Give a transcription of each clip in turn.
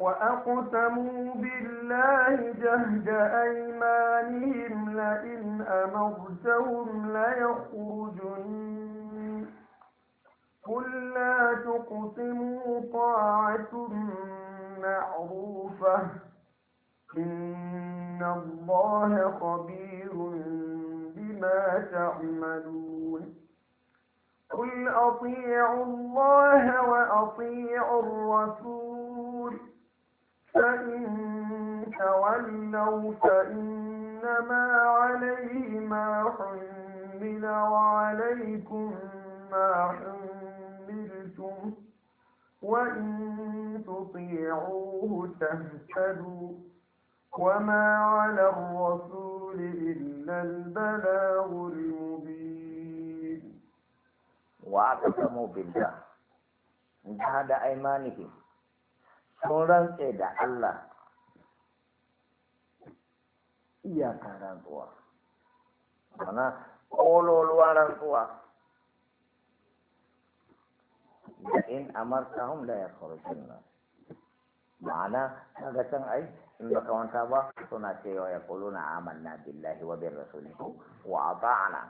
وأقسموا بالله جهد أيمانهم لئن أمرتهم ليخرجن قل لا تقسموا طاعة معروفة إن الله خبير بما تعملون قل أطيعوا الله وأطيعوا الرسول فإن تولوا فإنما عليه ما حمل وعليكم ما حملتم وإن تطيعوه تهتدوا وما على الرسول إلا البلاغ المبين واعتصموا بالله جهد أيمانهم sun rantse da Allah iyaka rantsuwa mana ƙololuwa rantsuwa da in ya la yakhrujuna ma'ana kaga can ai in baka wanta ba suna cewa ya kuluna amanna billahi wa bir rasulihi wa ata'na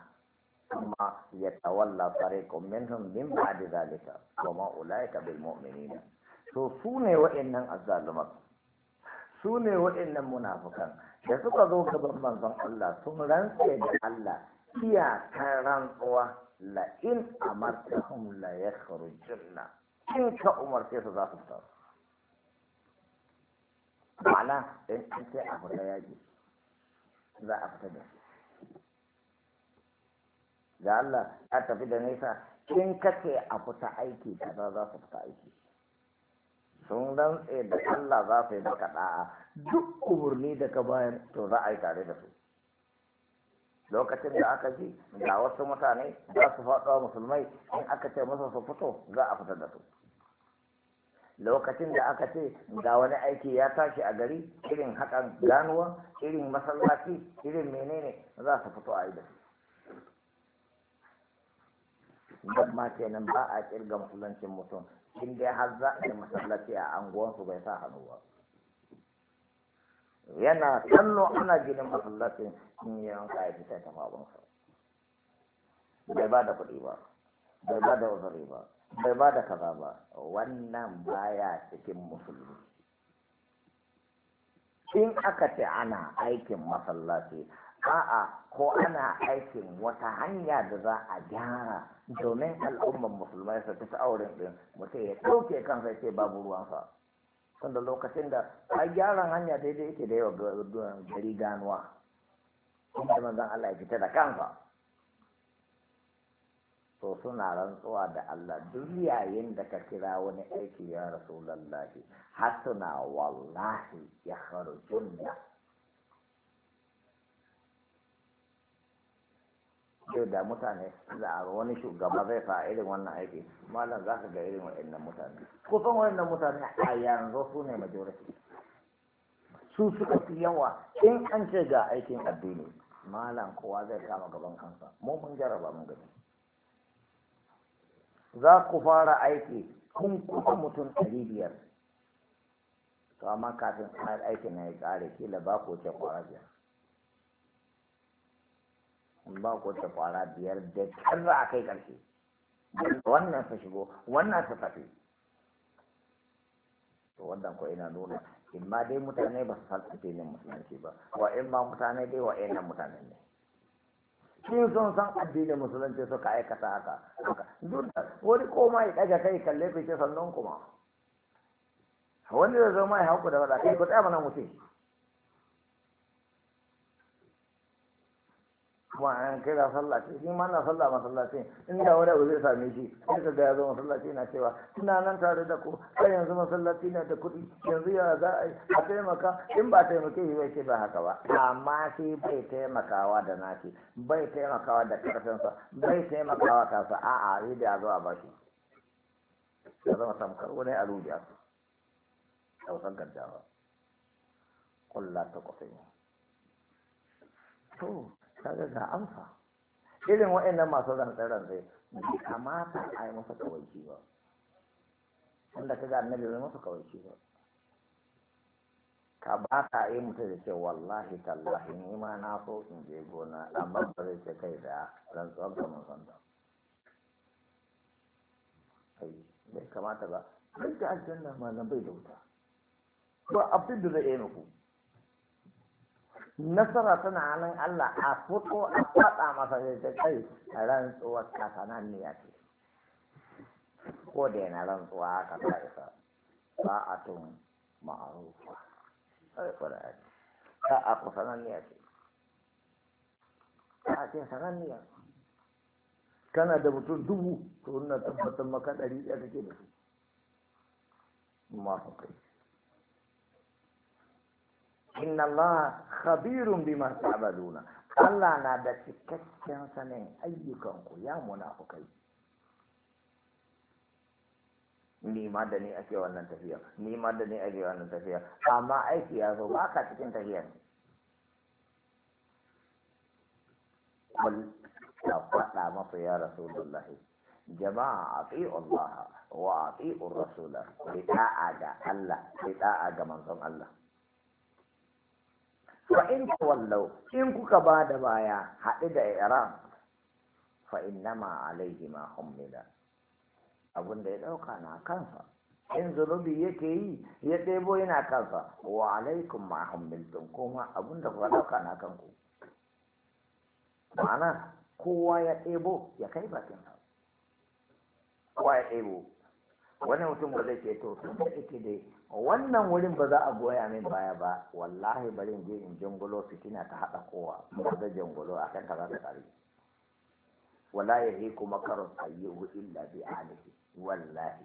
kuma yatawalla fariqun minhum min ba'di dhalika kuma ma ya bil mu'minina to su ne wa'annan azzaluman su ne wa'annan munafukan da suka zo gaban manzon Allah sun rantse da Allah iyakar rantsuwa la'in a amartahum la yakhrujunna in ka umarce su za su tsaro ma'ana in an ce a fita yaji za a fita da shi da Allah ya tafi da nesa in ka ce a fita aiki kaza za su fita aiki sun rantse da Allah za su yi maka da'a duk umarni da ka bayar to za a yi tare da su lokacin da aka ji ga wasu mutane za su faɗo musulmai in aka ce musu su fito za a fitar da su lokacin da aka ce ga wani aiki ya tashi a gari irin hakan ganuwa irin masallaci irin menene za su fito a yi da su ma kenan ba a kirga musuluncin mutum in dai har za a yi masallaci a anguwansu bai sa hannu ba yana kallo ana ginin masallacin in yi yanka kayan fita ta bai ba da kuɗi ba bai ba da uzuri ba bai ba da kaza ba wannan baya cikin musulmi in aka ce ana aikin masallaci a'a ko ana aikin wata hanya da za a gyara domin al'ummar musulmai su tafi auren ɗin mutum ya ɗauke kansa ce babu ruwansa tunda lokacin da a gyaran hanya daidai yake da yawa gari ganuwa kuma zan Allah ya fita da kansa to suna rantsuwa da Allah duk yayin da ka kira wani aiki ya rasu rasulallahi hasuna wallahi ya kharujunna yau da mutane da wani shugaba zai fa irin wannan aiki malam za ka ga irin wa'annan mutane kusan wa'annan mutane a yanzu su ne majority su suka fi yawa in an ce ga aikin addini malam kowa zai kama gaban kansa mu mun jaraba mun gani za ku fara aiki kun kuma mutum ɗari biyar to amma kafin aikin na ya ƙare kila ba ku ce in ba ku ta kwara biyar da kar a kai ƙarshe wannan su shigo wannan su tafi to wannan ko ina nuna in ma dai mutane ba su san filin musulunci ba wa in ma mutane dai wa ina mutane ne sun sun san addinin musulunci suka aikata haka duk wani koma ya ɗaga kai kalle fice sannan kuma wani da zama ya hauku da wada kai ku tsaya mana mutum kuma an kira sallaci shi ma na sallah masallacin inda wani abu zai same shi sai ka ga ya zo na cewa ina nan tare da ku kai yanzu masallaci na da kuɗi yanzu ya za a yi a taimaka in ba taimake shi bai ce ba haka ba amma shi bai taimakawa da nashi bai taimakawa da karfinsa bai taimakawa a a yi da zo a shi ya zama tamkar wani alubiya ɗaukar gaddawa ƙulla ta kwasai to kaga ga amsa irin waɗannan masu rantsarantsa bai kamata a yi masa kawaici ba wanda ka ga annabi zai masa kawaici ba ka ba ka yi mutu da ce wallahi tallahi ni ma na so in je gona dan ba zai ce kai da rantsuwar ka mun san bai kamata ba duk da aljanna na bai da wuta ba abin da zai yi muku nasara tana halin Allah a fito a faɗa masa da kai a rantsuwar kasanan ne ya ce ko da yana rantsuwa haka ta isa ba a tun ma'arufa yi kuɗa ya ce ta a ku sananniya ce ta ce sananniya kana da mutum dubu to wannan tabbatar maka ɗari ɗaya kake da su masu kai إن الله خبير بما تعملون الله na da cikakken sanin ayyukanku ya munafukai ni ma da ni ake wannan tafiya ni ma da ni ake wannan tafiya amma aiki ya zo ba ka cikin tafiyar ne kul ka faɗa masa ya rasulullahi jama'a ati Allah wa ati rasula ku da'a ga Allah ku da'a ga manzon Allah wa in wallau in kuka ba da baya haɗu da iran fa innama alaihi ma hummila abin da ya ɗauka na kansa in zunubi yake yi ya ɗebo yana kansa wa alaikum ma hummiltum kuma abin da kuka ɗauka na kanku ma'ana kowa ya ɗebo ya kai bakin sa kowa ya ɗebo wani mutum ba zai ce to tun da ita dai wannan wurin ba za a goya min baya ba wallahi bari in je in jangulo fitina ta haɗa kowa ba da jangulo a kan kaza da kare wala ya yi kuma karon ayyuhu illa bi alihi wallahi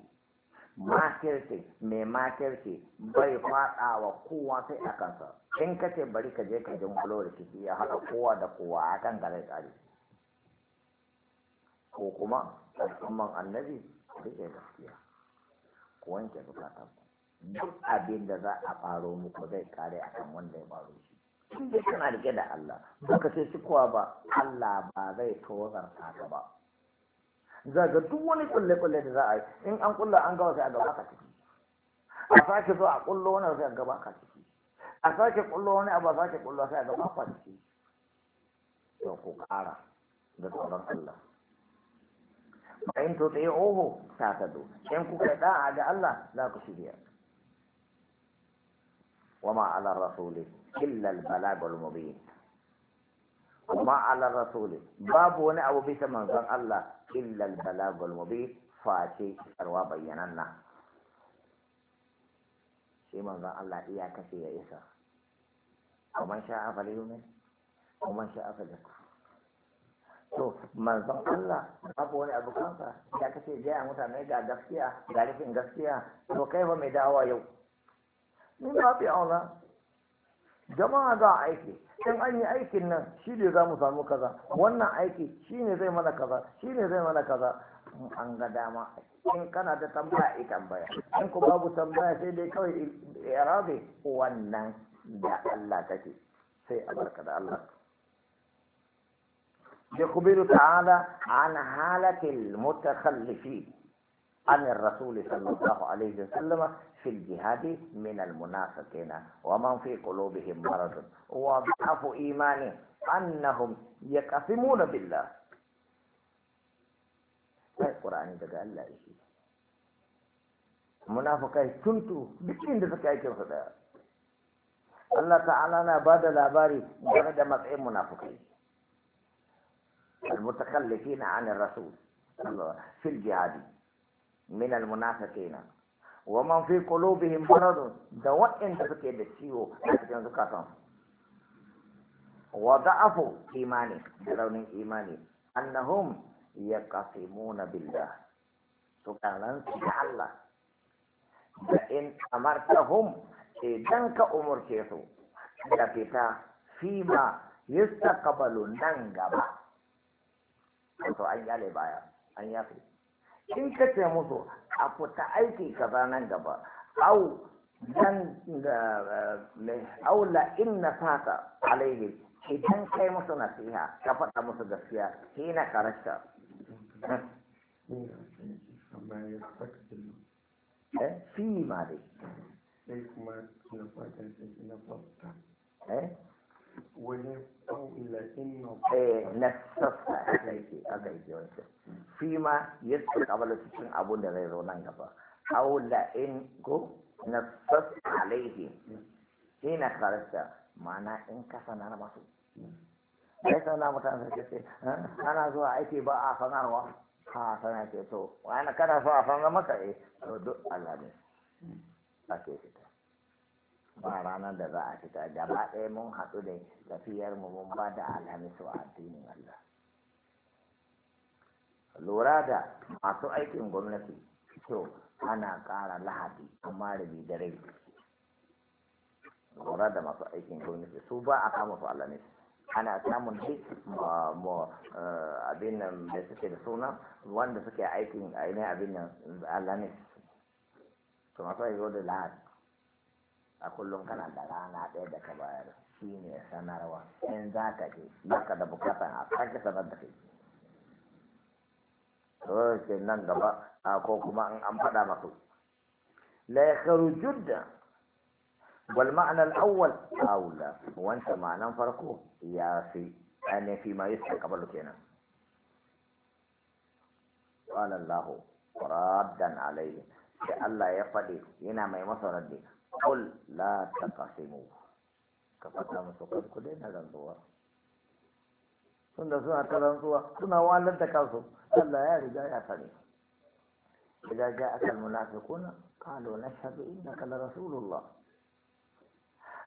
makirce mai makirce bai fada wa kowa sai a kansa in ka ce bari ka je ka jangulo da ya haɗa kowa da kowa a kan kaza da tsari ko kuma kuma annabi rike gaskiya ku wanke zukatanku duk abin da za a faro muku zai kare akan wanda ya faro shi in dai kana rike da Allah baka ce shi kuwa ba Allah ba zai tozarta ka ba za ga duk wani kulle-kulle da za a yi in an kulla an gawa sai a gaba ka ciki a sake zo a kullo wani sai a gaba ka ciki a sake kullo wani abu a sake kullo sai a gaba ka ciki to ku ƙara da tsoron Allah in to tsaye oho sa ta do in ku kai da'a ga Allah za ku shirya وما على الرسول إلا البلاغ المبين وما على الرسول باب وانا أبو بيت منظر الله إلا البلاغ المبين فاتي أروا بيننا شيء منظر الله إياك في إيسا ومن شاء فليؤمن ومن شاء فليكفر to manzon Allah babu wani abu kansa ya kace gaya mutane ga gaskiya ga rufin gaskiya to kai fa mai dawowa yau min ba fi aula jama'a za a aiki in an yi aikin nan shi ne za mu samu kaza wannan aiki shi ne zai mana kaza shi ne zai mana kaza an ga dama in kana da tambaya i tambaya in ku babu tambaya sai dai kawai irabe wannan da Allah take sai a barka da Allah يخبر تعالى عن حالة المتخلفين عن الرسول صلى الله عليه وسلم في الجهاد من المنافقين ومن في قلوبهم مرض وضعف إيمانهم أنهم يقسمون بالله القرآن دقى لا إشي منافقة تنتو بكين دفك أي الله تعالى بعد الأباري جمد مطعم منافقين المتخلفين عن الرسول في الجهاد من المنافقين wa man fi qulubihim maradun da waɗanda suke da ciwo a cikin zukatan wa da'afu imani da raunin imani annahum yaqsimuna billah su kanan su da Allah da in amartahum idan ka umurce su da fita fima yastaqbalu nan gaba to an yale baya an yafi in ka ce musu a fita aiki kaza nan gaba au dan eh, au la inna saka alaihi idan kai musu nasiha ka faɗa musu gaskiya hina karasta eh, fi ma dai na nasarsa eh, aka yake aka yake wancan fi ma yadda kabala cikin abun da zai zo nan gaba aw la in go, nasas alaihi hina kharasta ma'ana in ka sanar masu sai sanar mutane sai ce ana zuwa aiki ba a sanarwa ha sana ce to wani kana a sanar maka eh ake fita ba ranar da za a fita gaba ɗaya mun haɗu da tafiyar mu mun ba da alhamisu a addinin Allah lura da masu aikin gwamnati to ana ƙara lahadi amma rabi da rai lura da masu aikin gwamnati su ba a kama su alhamisu ana samun duk eh, abin nan da suke da suna wanda suke aikin ainihin abin nan alhamisu to masu aikin da lahadi a kullum kana da rana ɗaya da ka bayar shi ne sanarwa in za ka je baka da bukatan a sake sanar da kai ke nan gaba a ko kuma in an faɗa maka la yakhruju da wal ma'na al awwal aula wanta ma'anan farko ya fi an fi ma yastaqbalu kenan qala allah raddan alayhi sai Allah ya faɗi yana mai masa raddi kul la taqasimu ka fada musu kanku dai na rantsuwa tunda suna ta rantsuwa suna walar da kansu Allah ya riga ya sani idan ga akal munafiquna qalu nashhadu innaka la rasulullah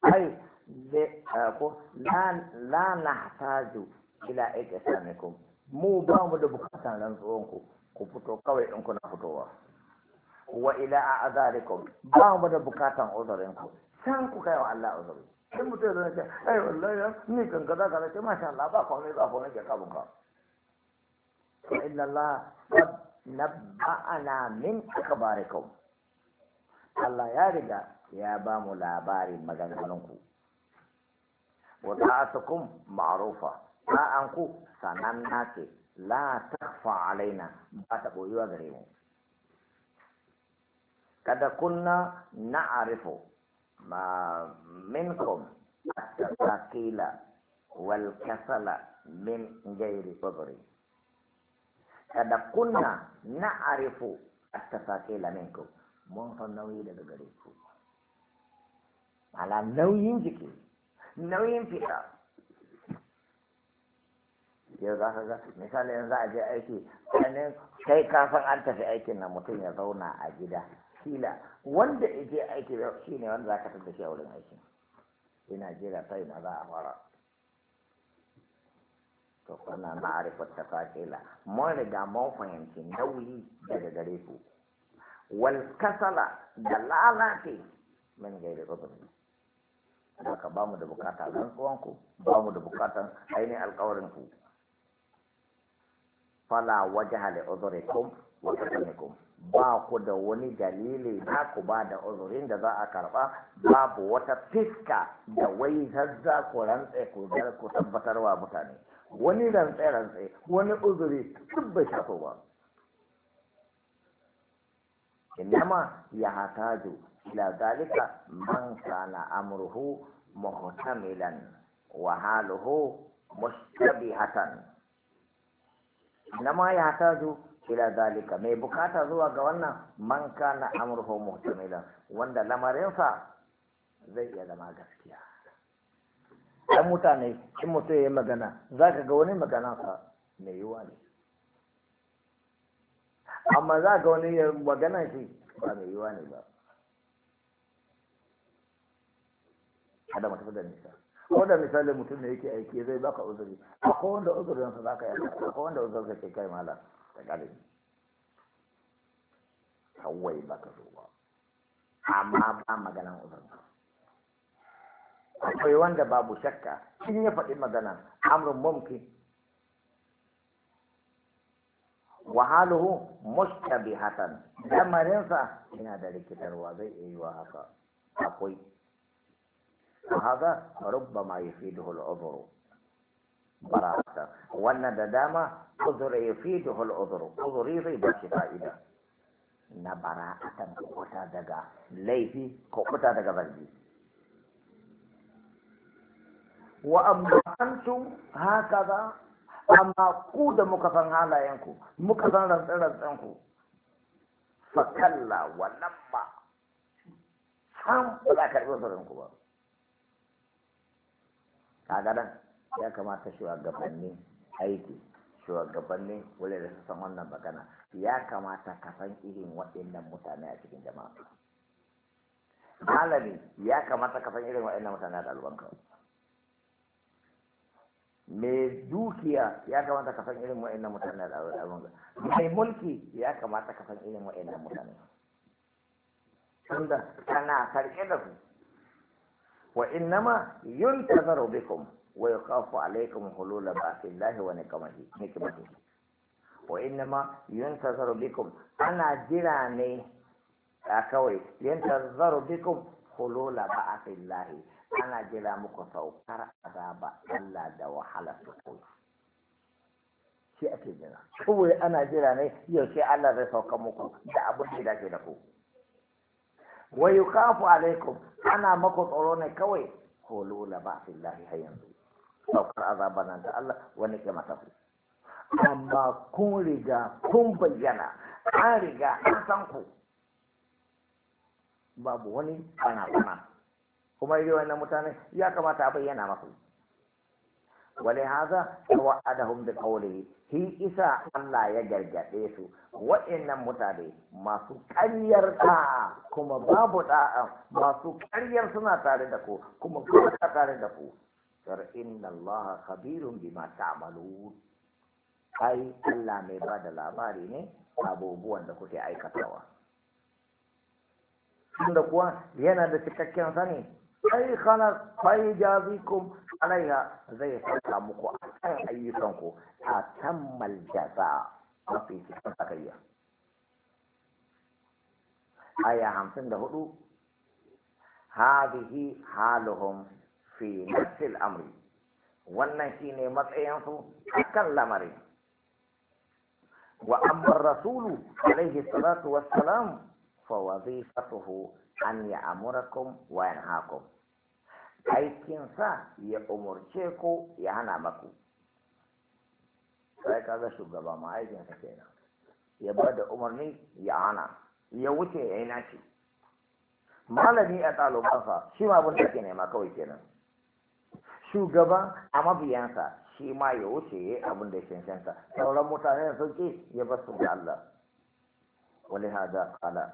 ai de ko la la nahtaju ila ikasamikum mu ba mu da bukatan rantsuwanku ku ku fito kawai in kuna fitowa wa ila a azarikum ba mu da bukatan uzurin ku san ku kai wa Allah uzuri sai mutum zai ce ai wallahi ni kan kaza kaza ce masha Allah ba komai ba komai ke kabun ka inna Allah qad nabba'ana min akhbarikum Allah ya riga ya ba mu labarin maganganun ku. wa ta'atukum ma'rufa ta'anku sananna ce la takfa alaina ba ta boyuwa gare mu kada kunna na'arifu ma minkum at-taqila wal kasala min ghairi fadri kada kunna na'arifu at-taqila minkum mun san nauyi daga gare ku ala nauyin jiki nauyin fita yau za ka ga misali yanzu za a je aiki ainihin kai kafin an tafi aikin na mutum ya zauna a gida wanda je aiki shi ne wanda za ka shi a wurin aikin ina jira sai na za a fara to kuna ma'arifar tafasila mun riga mun fahimci nauyi daga gare ku wal kasala da lalace min gaire rubuni haka ba mu da bukata rantsuwan ku ba mu da bukatan ainihin alkawarin ku fala wajaha li udhurikum ba ku da wani dalili za ku ba da uzurin da za a karɓa babu wata fiska da wai za ku rantse ku zar ku tabbatar wa mutane wani rantse-rantse wani uzuri duk bai shafo ba inama ya hataju ila zalika man sana amruhu muhtamilan wa haluhu mustabihatan inama ila dalika mai bukata zuwa ga wannan man kana amurho muhtamila wanda lamarinsa zai iya zama gaskiya dan mutane in mutum ya magana za ka ga wani maganarsa mai yiwuwa ne amma za ka ga wani ya magana shi ba mai yiwuwa ne ba kada mutum da nisa ko da misali mutum ne yake aiki zai baka uzuri akwai wanda uzurinsa ka yi akwai wanda uzurinsa ke kai malam da galibi kawai ba ka zo ba amma ba maganan uzurta akwai wanda babu shakka in ya faɗi magana amrun mumkin wahaluhu mustabihatan damarinsa. yana da rikitarwa zai iya yi wa haka akwai wa haza rubbama yufiduhu al-udhru barata wannan da dama uzura ya fi duhul uzuru uzuri zai ba shi fa'ida na bara'atan kukuta daga laifi kukuta daga zargi wa amma antum hakaza amma ku da muka san halayenku muka san rantsen-rantsenku fa kalla wa san ba za ka ba kaga nan ya kamata Gabanni aiki Gabanni wale da san wannan magana ya kamata ka san irin waɗannan mutane a cikin jama'a malami ya kamata ka san irin waɗannan mutane a ɗalibanka mai dukiya ya kamata ka san irin waɗannan mutane da al'amuran mai mulki ya kamata ka san irin waɗannan mutane tunda kana sarke da su wa innama yuntazaru bikum ويخاف عليكم حلول بعث الله ونكمته نكمته وإنما ينتظر بكم أنا جيراني أكوي ينتظر بكم حلول بعث الله أنا جيرا مكثو كرابا ألا دو حالة سقوي شيء أكيدنا هو أنا جيراني يوشي ألا رسو كمكو دعبو جيرا جيراكو ويخاف عليكم أنا مكثو روني كوي حلول بعث الله هينزل saukar azaba nan da Allah wani ke masa ku amma kun riga kun bayyana an riga an san ku babu wani ana kuma kuma yi wani mutane ya kamata a bayyana maku wale haza adahun bi qawlihi hi isa Allah ya gargaɗe su wa'annan mutane masu ƙaryar ɗa'a kuma babu ɗa'a masu ƙaryar suna tare da ku kuma kuma tare da ku فإن الله خبير بما تعملون أي ألا مباد العمال إني أبو بو عندك في أي كتوى عندك وان لأن هذا تككي مثاني أي خلق أي جازيكم عليها زي سلامك أي أي سنك أتم الجزاء في سلامك أي أي حمسين هذه حالهم fi nafsil amri wannan shine matsayin su akan lamarin wa amma rasulu alaihi salatu wassalam fa wazifatuhu an ya'murakum wa yanhaakum aikin sa ya umurce ku ya hana maku sai kaga shugaba ma aikin sa kenan ya ba da umarni ya hana ya wuce ya yi naci malami a ɗalibansa shi ma abin da ke nema kawai kenan shugaba a mabiyansa shi ma ya wuce ya abin da cancanta sauran mutane sun ce ya basu da Allah wani hada ala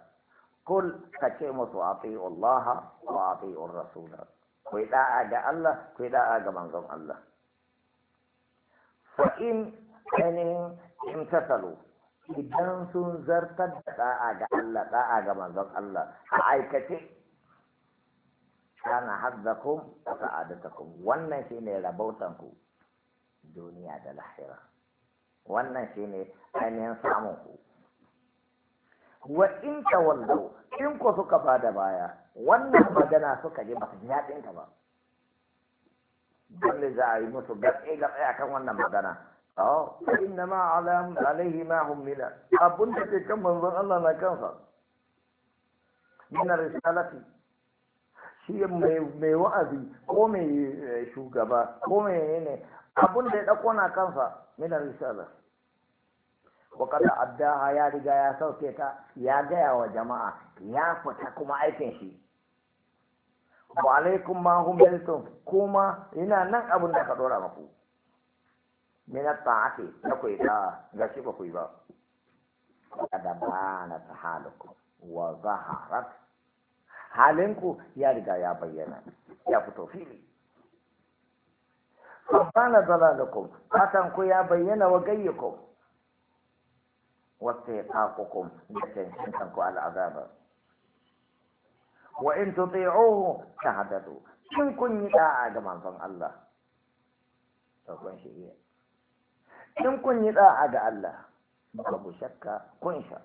kul ka ce musu afi Allah wa afi rasula ku yi da'a ga Allah ku yi da'a ga manzon Allah fa in in tasalu idan sun zartar da da'a ga Allah da'a ga manzon Allah a aikace kana haddakum wa sa'adatakum wannan shine rabautan ku duniya da lahira wannan shine ainihin samun ku wa in tawallu in ku suka bada baya wannan magana suka ji ba su ji ta ba dole za a yi musu gaɓe gaɓe akan wannan magana in أو فإنما عليهم عليه ما هم من ke kan من Allah na kansa. من الرسالة shi mai wa'azi ko mai eh, shugaba ko mai ne abun da ya ɗauko na kansa mina risala wa addaha ya riga ya sauke ta ya gaya wa jama'a ya fita kuma aikin shi wa alaikum ma hum kuma yana nan abun da ka dora maku mina ta'ati na ku ita ga shi ba ku ba kada na tahalukum wa zaharat halinku ya riga ya bayyana ya fito fili sabbana zalalukum fatan ku ya bayyana wa gayyukum wasu ya kakukum da cancantan ku al'azaba wa in tuti'uhu shahadatu kun kun yi da'a ga manzon Allah to kun shi in kun yi da'a ga Allah babu shakka kun sha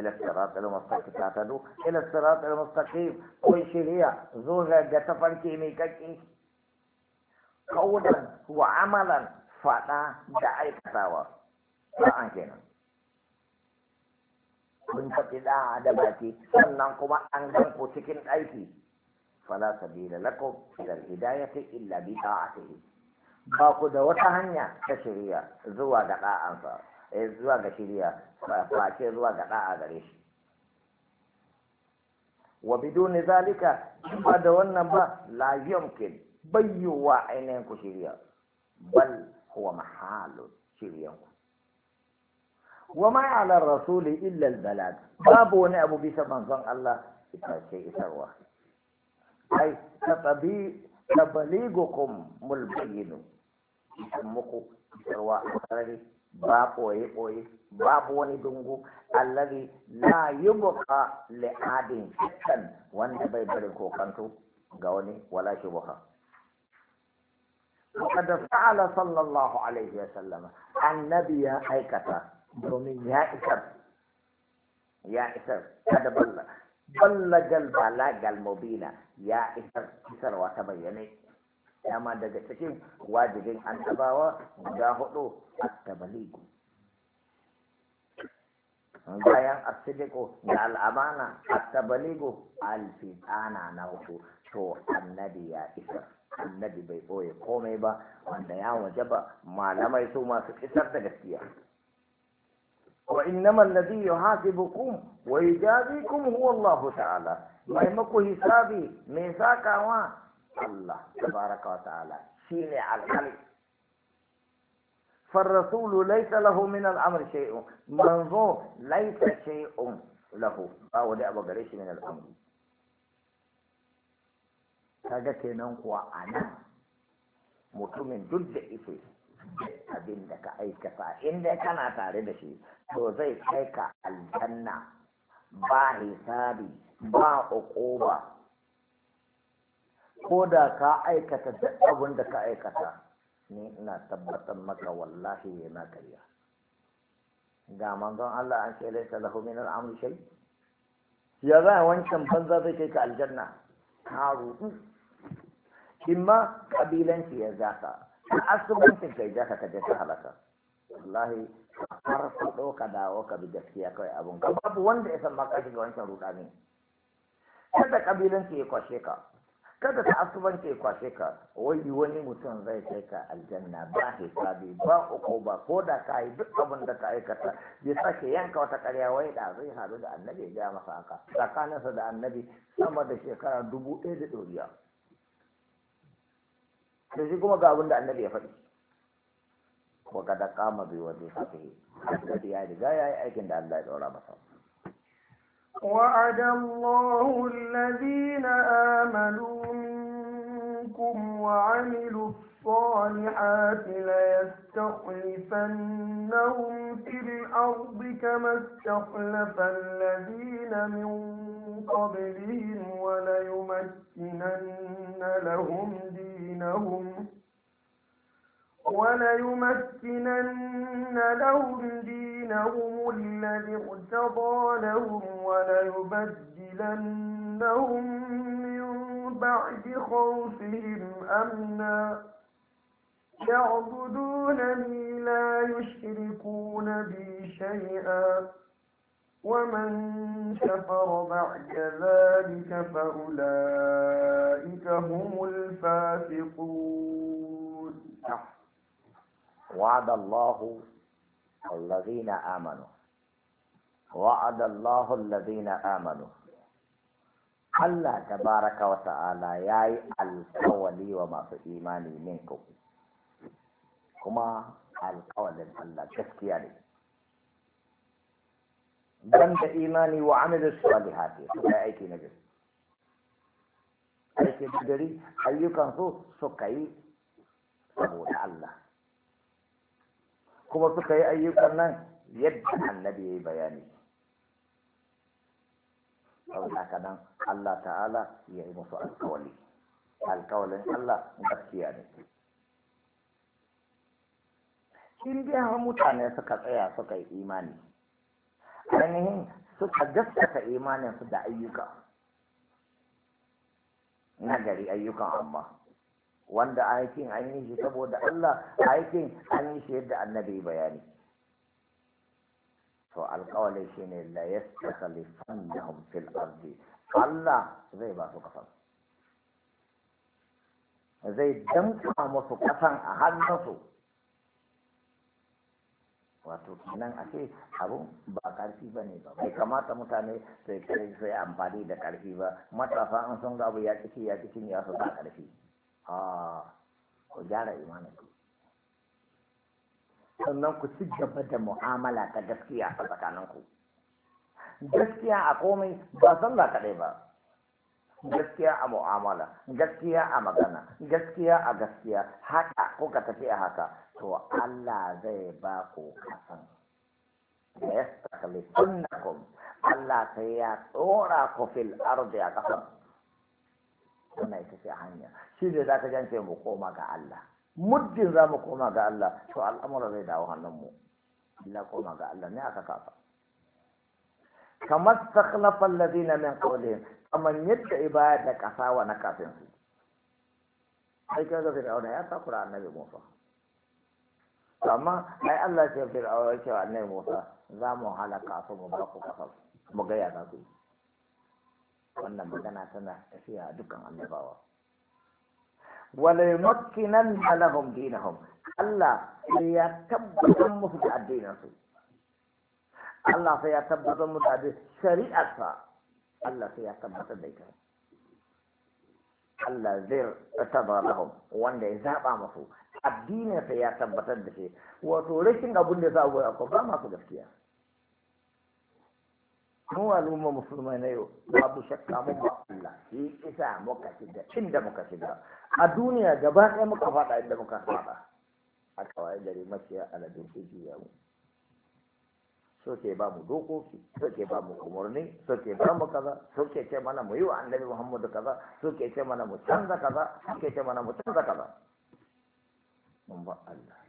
إلى الصراط المستقيم تعتدوا إلى الصراط المستقيم كل شريعة زوجة جتفر كيمي كي قولا وعملا فتا دعي كتاوى فأنا كنا kun faɗi ɗa da baki sannan kuma an gan ku cikin aiki fala sabila lakum ila hidayati illa bi ta'atihi ba ku da wata hanya ta shirya zuwa ga Eh, zuwa ga shirya face zuwa ga da'a gare shi wa biduni zalika ba da wannan ba la yumkin bayyuwa ainihin ku shirya bal huwa mahalun shiryan ku wa ma ala rasuli illa al babu wani abu bisa manzon Allah ita ce isarwa ai tatabi tabaligukum mulbayinu muku isarwa a sarari ba boye boye babu wani dungu allazi la yubqa li adin kan wanda bai bari kokanto ga wani wala shubha وقد فعل صلى الله عليه وسلم النبي يا حيكتا دومين يا إسر يا إسر قد بلغ بلغ البلاغ المبين يا إسر إسر وتبيني dama daga cikin wajibin annabawa guda hudu a tablighu bayan asiliko da al'amana a tablighu al tsana na huɗu, to annabi ya isa. annabi bai boye komai ba wanda ya wajaba malamai su masu isar da gaskiya wa innama alladhi yuhasibukum wa yujazikum huwa Allah ta'ala mai maku hisabi mai sakawa Allah tabaraka wa ta'ala shine alhali min ليس له من manzo شيء منظور lahu, ba له abu gare shi min al'amur. Ta kaga kenan kuwa a nan mutumin duk da ife abin da ka aikata inda kana tare da shi to zai kai ka aljanna ba hisabi ba uquba ko da ka aikata duk abin da ka aikata ni ina tabbatar maka wallahi yana karya ga manzon Allah an ce laisa lahu min al shay ya za wancan banza zai kai ka aljanna ka rudu imma kabilanci ya zaka asubancin kai zaka ka je ka halaka wallahi har fado ka dawo ka bi gaskiya kawai abun ka babu wanda ya san maka shi shiga wancan rudani kada kabilanci ya kwashe ka kada ta asuban ke kwace ka wai wani mutum zai kai ka aljanna ba hisabi ba uku ba ko da ka yi duk abin da ka aikata ya sake yanka wata karya wai da zai haɗu da annabi ya masa haka tsakaninsa da annabi sama da shekara dubu ɗaya da ɗoriya da shi kuma ga abin da annabi ya faɗi wa kada kama bai wajen hafi annabi ya riga ya yi aikin da Allah ya ɗora masa وعد وعملوا الصالحات ليستخلفنهم في الأرض كما استخلف الذين من قبلهم وليمكنن لهم دينهم وليمكنن لهم دينهم الذي ارتضى لهم وليبدلنهم من بعد خوفهم أمنا يعبدونني لا يشركون بي شيئا ومن كفر بعد ذلك فأولئك هم الفاسقون وعد الله الذين آمنوا وعد الله الذين آمنوا Allah ta baraka wa ta'ala ya yi alkawali wa masu imani min kuma alkawalin Allah gaskiya ne Banda da imani wa amilu salihati suka yi aiki na gari aiki na gari ayyukansu suka yi saboda Allah kuma suka yi ayyukan nan yadda annabi ya yi bayani saboda haka nan Allah ta'ala ya yi musu alkawali alkawalin Allah gaskiya ne in dai har mutane suka tsaya suka yi imani ainihin suka gaskata imaninsu da ayyuka na gari ayyukan amma wanda aikin an yi shi saboda Allah aikin an yi shi yadda annabi bayani to alƙawali shi ne la yastakhlifan da fil ardi Allah zai ba su kasan zai damka musu kasan a hannunsu wato kenan a ce abun ba karfi ba ne ba bai kamata mutane sai kai sai amfani da karfi ba matasa an sun gabu ya kici ya ne ya su ba karfi a ah, ku gyara imanin sannan ku ci gaba da mu'amala ta gaskiya a tsakaninku gaskiya a komai ba sallah kaɗai ba gaskiya a mu'amala gaskiya a magana gaskiya a gaskiya haka ko ka tafi a haka to Allah zai ba ku kasan da ya sakali sunnakum Allah sai ya tsora ku fil ardi a kasan wannan ita ce hanya shi ne za ka jance mu koma ga Allah muddin za mu koma ga Allah to al'amura zai dawo hannunmu illa koma ga Allah ne aka kafa kamar takhlafa ladina min qawlihim amma yadda ibaya da kasawa na kafin su sai ka ga fir'auna ya ne annabi Musa amma ai Allah ya fir'auna ya ce annabi Musa za mu halaka su mu ba ku kafa mu ga ya za ku wannan magana tana tafiya dukkan annabawa wala makinan lahum dinahum Allah sai ya tabbatar musu da addinansu Allah sai ya tabbatar musu da shari'arsa Allah sai ya tabbatar da ita Allah zai tabbatar da lahum wanda ya zaba musu addininsa ya tabbatar da shi wato rashin abun da za a goya ko ba masu gaskiya mu al'umma musulmai na yau babu shakka mu ba Allah shi isa muka shiga inda muka shiga a duniya gaba ɗaya muka faɗa inda muka faɗa a kawai gari maciya aladun kuji ya mu so ke ba mu dokoki so ke ba mu umarni so ke ba mu kaza so ke ce mana mu yi wa annabi muhammadu kaza so ke ce mana mu canza kaza so ke ce mana mu canza kaza mun ba Allah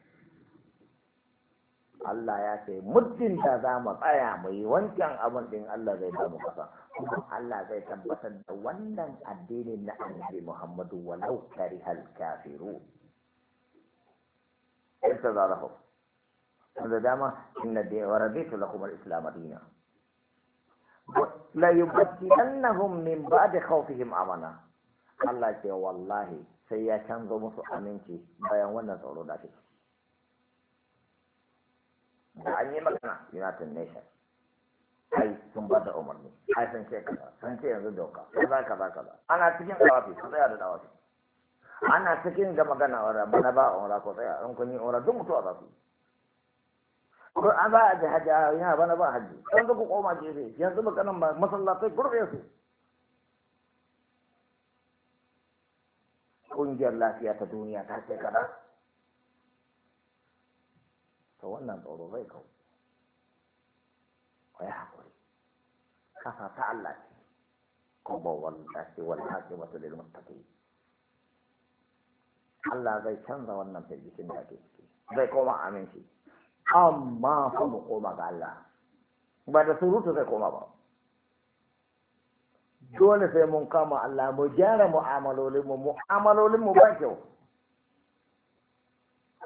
Allah ya ce muddin da za mu tsaya mu yi wancan abin din Allah zai ba mu kasa kuma Allah zai tabbatar da wannan addinin na annabi Muhammadu walau karihal kafiru ita za rahu da dama inna da wa raditu lakum al-islam dina la yubaddilannahum min da khawfihim amana Allah ce wallahi sai ya canza musu aminci bayan wannan tsoro da take da an yi magana united nations ai sun ba da umarni ai sun ce kaza sun ce yanzu doka kaza kaza kaza ana cikin dawafi sun tsaya da dawafi ana cikin da magana wa bana ba a umra ko tsaya in kun yi umra duk mutuwa za ku ko an ba a a yana bana ba hajji yanzu ku koma jefe yanzu maganan masallatai gurbe su ƙungiyar lafiya ta duniya ta ce kaza to wannan tsoro zai kawo a yi haƙuri kafa ta Allah ce kuma wanda ce wani haƙi wata lil mutaƙi Allah zai canza wannan firgishin da ake ciki zai koma aminci amma fa mu koma ga Allah ba da surutu zai koma ba dole sai mun kama Allah mu gyara mu'amalolin mu mu'amalolin mu ba kyau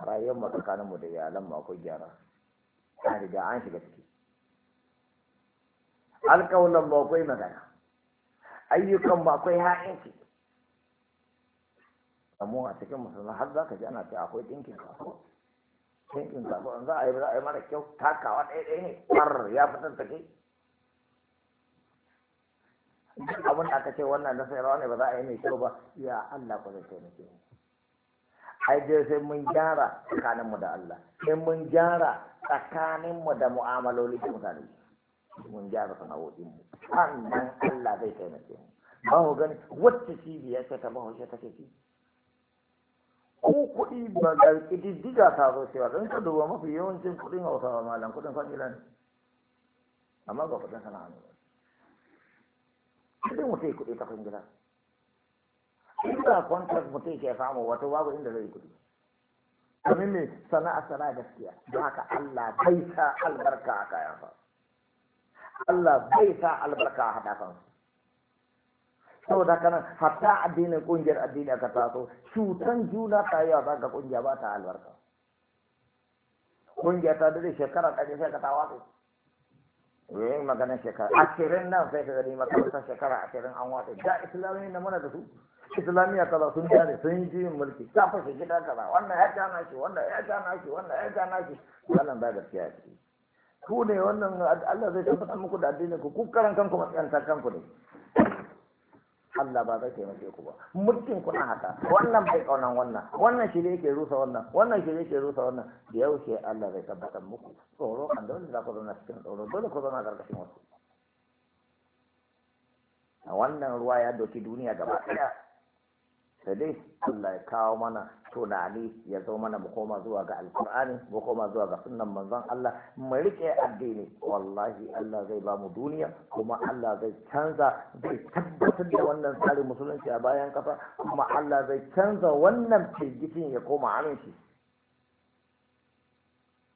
rayuwar mu tsakanin mu da iyalan mu akwai gyara an riga an shiga ciki alƙawlan mu akwai magana ayyukan mu akwai ha'inci amma a cikin musulman har za ka ji ana ce akwai ɗinkin kaso ɗinkin an za a yi za a yi mara kyau takawa ɗaya ɗaya ne ɓar ya fitar da kai abin da aka ce wannan na sayarwa ne ba za a yi mai kyau ba ya Allah ku zai taimake mu har dai sai mun gyara tsakaninmu da Allah sai mun gyara tsakaninmu da mu'amaloli da mutane mun gyara mu sannan Allah zai taimake mu ba mu gani wacce ya ce ta bahaushe take ci ko kuɗi ba ga ƙididdiga ta zo cewa don ka duba mafi yawancin kuɗin hausawa malam kuɗin kwangila ne amma ba kuɗin sana'a ne kuɗin yi kuɗi ta kwangila inda contract mutum ke samu wato babu inda zai kudi domin me sana'a sana'a gaskiya don haka Allah bai sa albarka a kayan sa Allah bai sa albarka a hadafan saboda kana hatta addinin kungiyar addini aka taso cutan juna ta yi za ka kungiya ba ta albarka kungiya ta dade shekara ɗari sai ka ta watsa yayin maganar shekara ashirin nan sai ka gani makarantar shekara ashirin an watsa da islamiyyar da muna da su islamiyya kaza sun ne sun yi mulki ta fashe gida kaza wannan ya gana shi wannan ya gana shi wannan ya gana shi wannan ba gaskiya ce ku ne wannan Allah zai tabbatar muku da addinin ku ku karan kanku matsayantar kanku ne Allah ba zai taimake ku ba mulkin kuna haka wannan bai kaunan wannan wannan shi ne yake rusa wannan wannan shi ne yake rusa wannan da yau ce Allah zai tabbatar muku tsoro kan dole za ku zauna cikin tsoro dole ku zauna karkashin wasu wannan ruwa ya doki duniya gaba ɗaya da dai Allah ya kawo mana tunani ya zo mana mu koma zuwa ga alkur'ani mu koma zuwa ga sunnan manzon Allah mu rike addini wallahi Allah zai ba mu duniya kuma Allah zai canza zai tabbatar da wannan tsarin musulunci a bayan kafa kuma Allah zai canza wannan firgitin ya koma aminci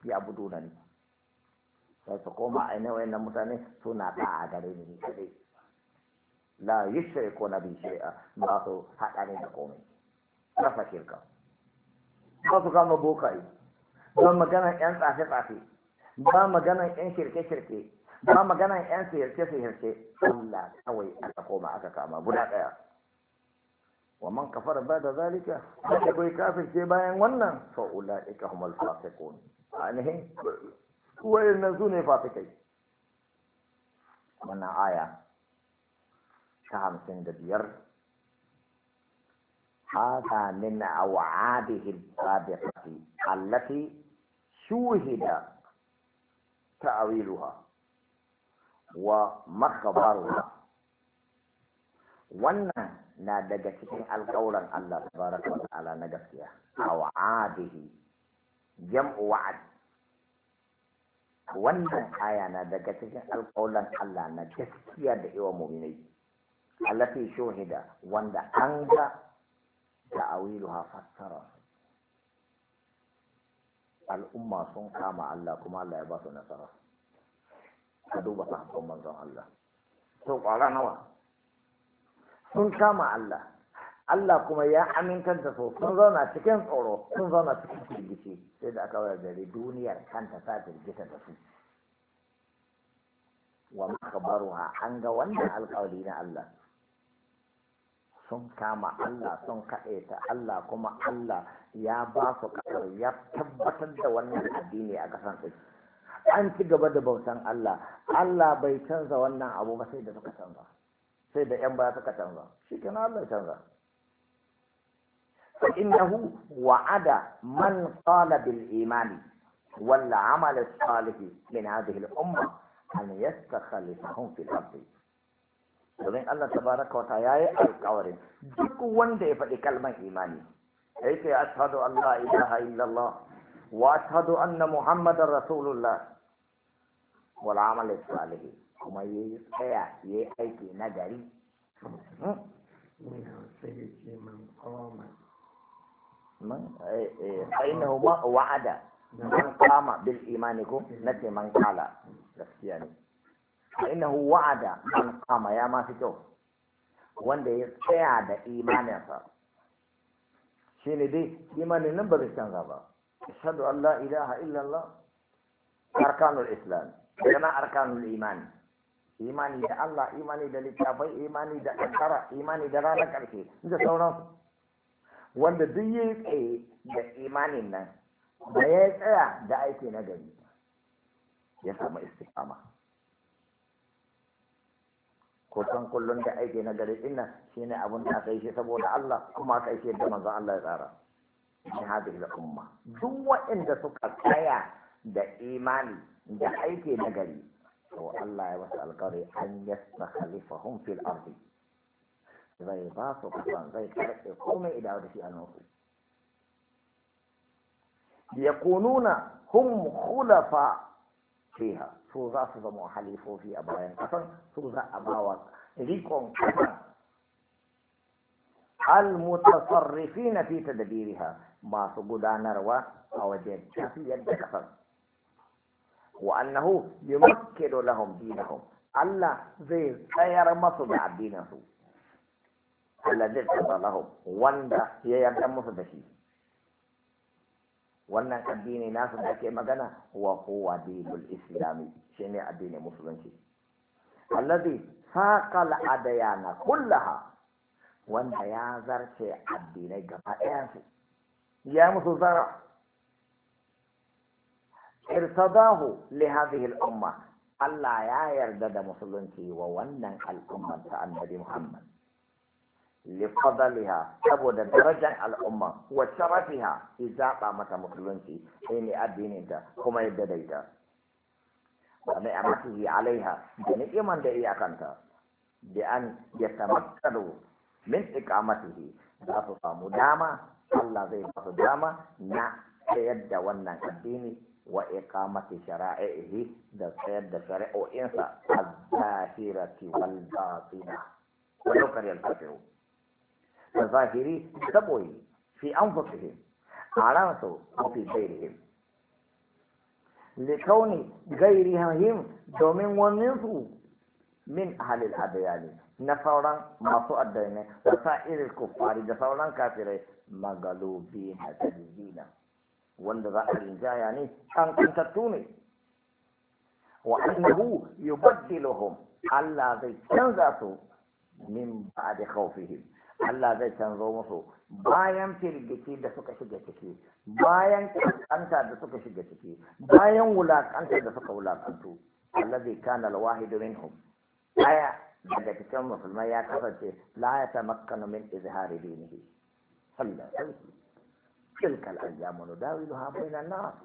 ya abu dunani sai su koma ainihin wayannan mutane suna ta a gare ni kadai la yushriku na bi shay'a ba su haɗa ne da komai rasa shirka ba su kama bokaye ba maganar yan tsafe-tsafe ba maganar yan shirke-shirke ba maganar yan sihirce-sihirce Allah kawai aka koma aka kama guda ɗaya wa man kafara ba da zalika wanda bai kafirce bayan wannan fa ulaika humul fasiqun ainihin wayannan su ne fasikai wannan aya كهم سند هذا من أوعاده السابقة التي شوهد تأويلها ومخبرها وانا نادج سكين القول الله تبارك وتعالى نجفيا أو عاده جمع وعد وانا آية نادج سكين القول الله نجفيا دعوة مبيني allati shuhida wanda an ga ta'awilu ta'awiluha fassara al'umma sun kama Allah kuma Allah ya ba su nasara ka duba sahabban manzon Allah to kwara nawa sun kama Allah Allah kuma ya aminta da su sun zauna cikin tsoro sun zauna cikin firgici sai da aka wayar dare duniyar kanta ta firgita da su wa makabaruha an ga wannan alƙawari na Allah sun kama Allah sun kaɗe ta Allah kuma Allah ya ba su ƙasar ya tabbatar da wannan addini a ƙasar ɗin an ci gaba da bautan Allah Allah bai canza wannan abu ba sai da suka canza sai da ƴan baya suka canza shi kenan Allah wa'ada man فإنه وعد من قال بالإيمان والعمل الصالح من هذه الأمة أن يستخلفهم في الأرض domin Allah tabaraka wa ta'ala yayi alƙawarin duk wanda ya faɗi kalmar imani sai sai ashhadu an la ilaha illallah wa ashhadu anna muhammadar rasulullah wal amali salih kuma yayi tsaya yayi aiki na gari hmm? man eh, eh, ainihu wa'ada man kama bil imani ko nace man kala gaskiya ne innahu wa'ada man qama ya ma kyau wanda ya tsaya da imaninsa shine dai imanin nan ba zai canza ba ashhadu an la ilaha illallah arkanul islam kana arkanul iman imani da Allah imani da littafai imani da kaddara imani da ranar karshe da sauransu wanda duk yi da imanin nan da ya tsaya da aiki na gari ya samu istiqama kokon kullum da aiki na gari din shine abun da aka yi shi saboda Allah kuma aka yi shi yadda manzon Allah ya tsara min hadhihi umma duk waɗanda suka tsaya da imani da aiki na gari to Allah ya wasu alƙawari an yastakhlifahum fil ardi zai ba su kusan zai karɓe komai idan da shi a nufu yakununa hum khulafa fiha su za su zama halifofi a bayan kasan su za a bawa rikon kasan almutasarrifi na fi tadbiriha masu gudanarwa a wajen tafiyar da kasan wa annahu yumakkidu lahum dinahum Allah zai tsayar masu da addinin su alladhi lahum wanda ya yarda musu da shi wannan addini nasu da ake magana wa huwa dinul islami shine addinin musulunci alladhi daya na kullaha wanda ya zarce addinai gaba ɗaya su ya musu zara irtadahu li hadhihi al umma Allah ya yarda da musulunci wa wannan al'ummar ta annabi Muhammad لفضلها saboda darajar al'umma wa sharafiha ya zaɓa mata musulunci sai ne addininta kuma ya daidaita wa ni'amatihi alaiha da ni'iman da iya kanta da an ya tamakkalu min iqamatihi za su samu dama Allah zai ba su dama na tsayar da wannan addini wa iqamati shara'ihi da tsayar da shari'o'insa a zahirati wal batina wa yukari al-kafiru الظاهري تبوي في أنفسهم علامته وفي غيرهم لكون غيرهم دومين ونفو من أهل الأديان نفورا ما سوء الدين وسائر الكفار جسورا كافرين مغلوبين تجزينا وان ذا أهل يعني أن تتوني وأنه يبدلهم الذي تنزاته من بعد خوفهم Allah zai canzo musu bayan firgici da suka shiga ciki bayan kanta da suka shiga ciki bayan wulakanta da suka wulakantu zai kana alwahidu minhum aya daga cikin musulmai ya kasance la ya tamakkanu min izhari dinihi sallallahu alaihi tilkal ayyamu nudawiluha bainan nas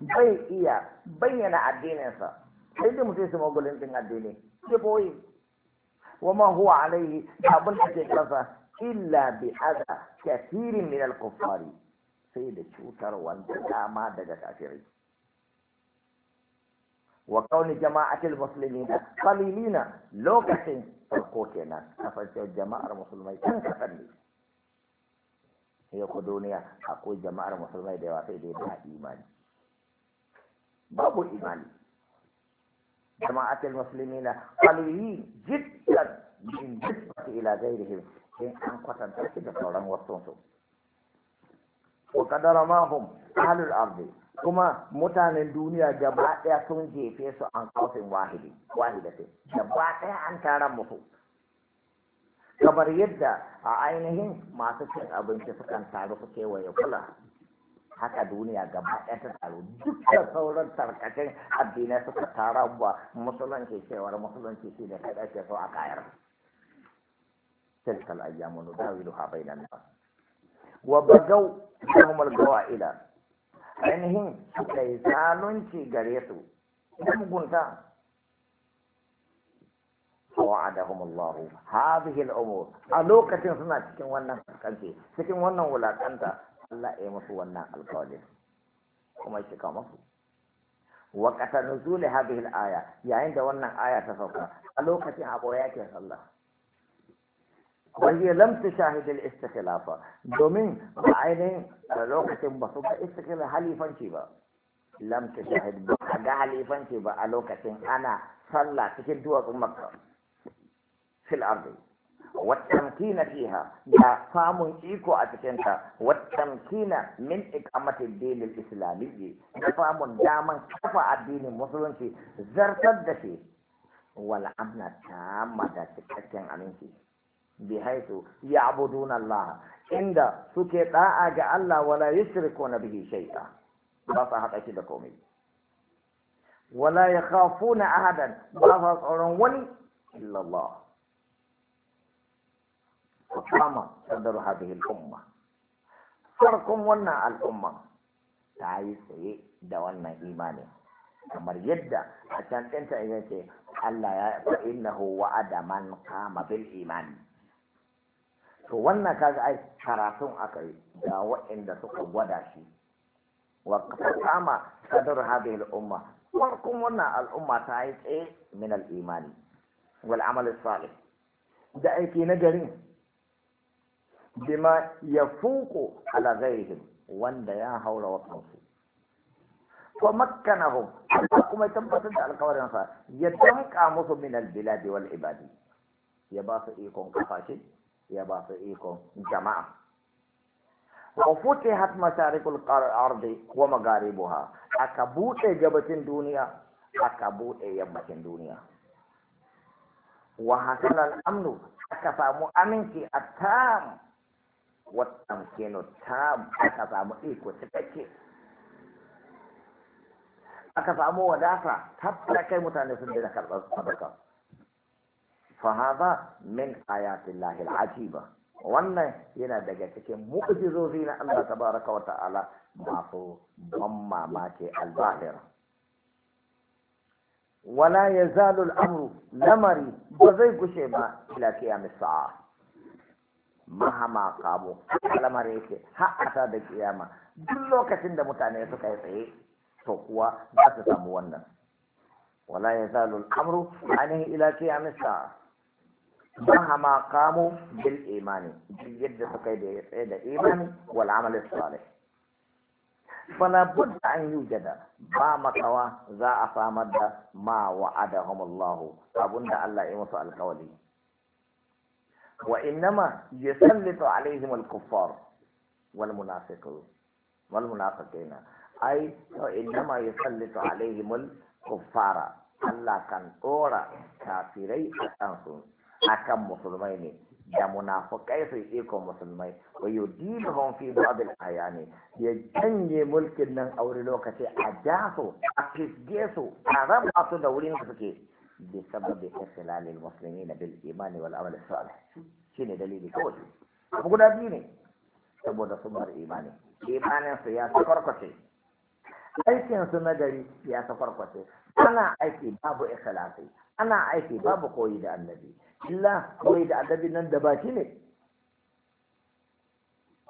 bai iya bayyana addininsa sai dai mutum magulin din addini sai boye وما هو عليه أبن كفى إلا بأذى كثير من الكفار سيد الشوتر ما دجا كافرين وكون جماعة المسلمين قليلين لو كثير فالسيد كفرت جماعة المسلمين كفرني هي دنيا أقول جماعة المسلمين دوافي دي بها إيمان باب الإيمان Zama asalin musulmi na kwaliyu jika jinjiri su ila gai da himbe. In an kwatanta shugaban wasu da su. Ko kaddar ma horo Kuma mutanen duniya jama'a ya son jefe su an kwashe wahida ce. Ya ba an tararmu ku. Gabar yadda a ainihin masu cin abinci sukan taru kewaye kula. haka duniya gaba ɗaya ta taru dukkan sauran tarkacin addinai suka tara ba musulunci cewar musulunci shi ne kaɗa ke so a kayar tilkal ayyamu nudawilu ha bainan ba. wa bagau lahum al-gawaila ainihin suka yi zalunci gare su da mugunta وعدهم الله هذه الأمور ألوكة سنة تكون ونن كنتي تكون ونن ولا كنتا Allah ya musu wannan alƙawarin kuma ya cika musu wa qata nuzuli hadhihi al-aya yayin da wannan aya ta sauka a lokacin abu ke sallah wa hiya lam tushahid al-istikhlafa domin ba a lokacin ba su ga istikhlal halifanci ba lam tushahid ba ga halifanci ba a lokacin ana sallah cikin duwatsun makka fil ardi والتمكين فيها دا فامن إيكو أتكنتا والتمكين من إقامة الدين الإسلامي دا فامن دامن كفى الدين المسلمي زرتد شيء والأمن تام دا تكتن أمينتي بحيث يعبدون الله عند سكتا أجا الله ولا يشركون به شيئا بس هذا كده كومي ولا يخافون أحدا بس أورون ولي إلا الله kama sadar hadhihi al-umma farkon wannan al'umma ta yi tsaye da wannan imanin kamar yadda a can ɗinta ya ce Allah ya fa innahu wa'ada man qama bil imani to wannan kaga ai karatun aka yi da waɗanda suka gwada shi wa qama sadar hadhihi al-umma farkon wannan al'umma ta yi tsaye min al-imani wal amal salih da aiki na garin bima ya fuko ala ghairihim wanda ya haura kansu wa Makkana Allah kuma ya tabbatar da alƙawarin sa ya danka musu min albilad wal ibadi ya ba su ikon kafashe ya ba su ikon jama'a wa futihat masharikul ardi wa magaribuha aka bude gabacin duniya aka bude yammacin duniya wa hasala amnu aka samu aminci a tam watan keno ta aka samu iko cikakke aka samu wadata tattara kai mutane sun daina karɓar sadaka fahaza min ayatillahi ba. wannan yana daga cikin mu'jizozi na Allah tabaraka wa ta'ala masu ban mamaki al-zahira wala yazalu al-amru lamari ba zai gushe ba ila a sa'a mahama kamo kalamar yake ha'ata da kiyama duk lokacin da mutane suka yi tsaye to kuwa za su samu wannan wala ya zalul amru ainihi ila kiyamisa mahama kamo bil imani duk yadda suka yi tsaye da imani wal amal salih fala budda an yujada ba makawa za a samar da ma wa'adahum Allah abunda Allah ya musu alkawali وإنما يسلط عليهم الكفار والمنافقون والمنافقين أي وإنما يسلط عليهم الكفار الله كان أورا a kan Musulmai ne da munafukai su ikon musulmai wa yudilhum fi ba'd aya ne. ya janye mulkin nan a wuri lokaci a jaso a fisge su a raba su da wurin da suke بسبب اختلال المسلمين بالايمان والعمل الصالح شنو دليل قولي بقول لك ديني سبب سمر ايماني ايمان يا تفرقتي اي كان سنه دلي يا تفرقتي انا اي في باب اخلاقي انا اي في باب قويد النبي الا قويد النبي نن دباشي ني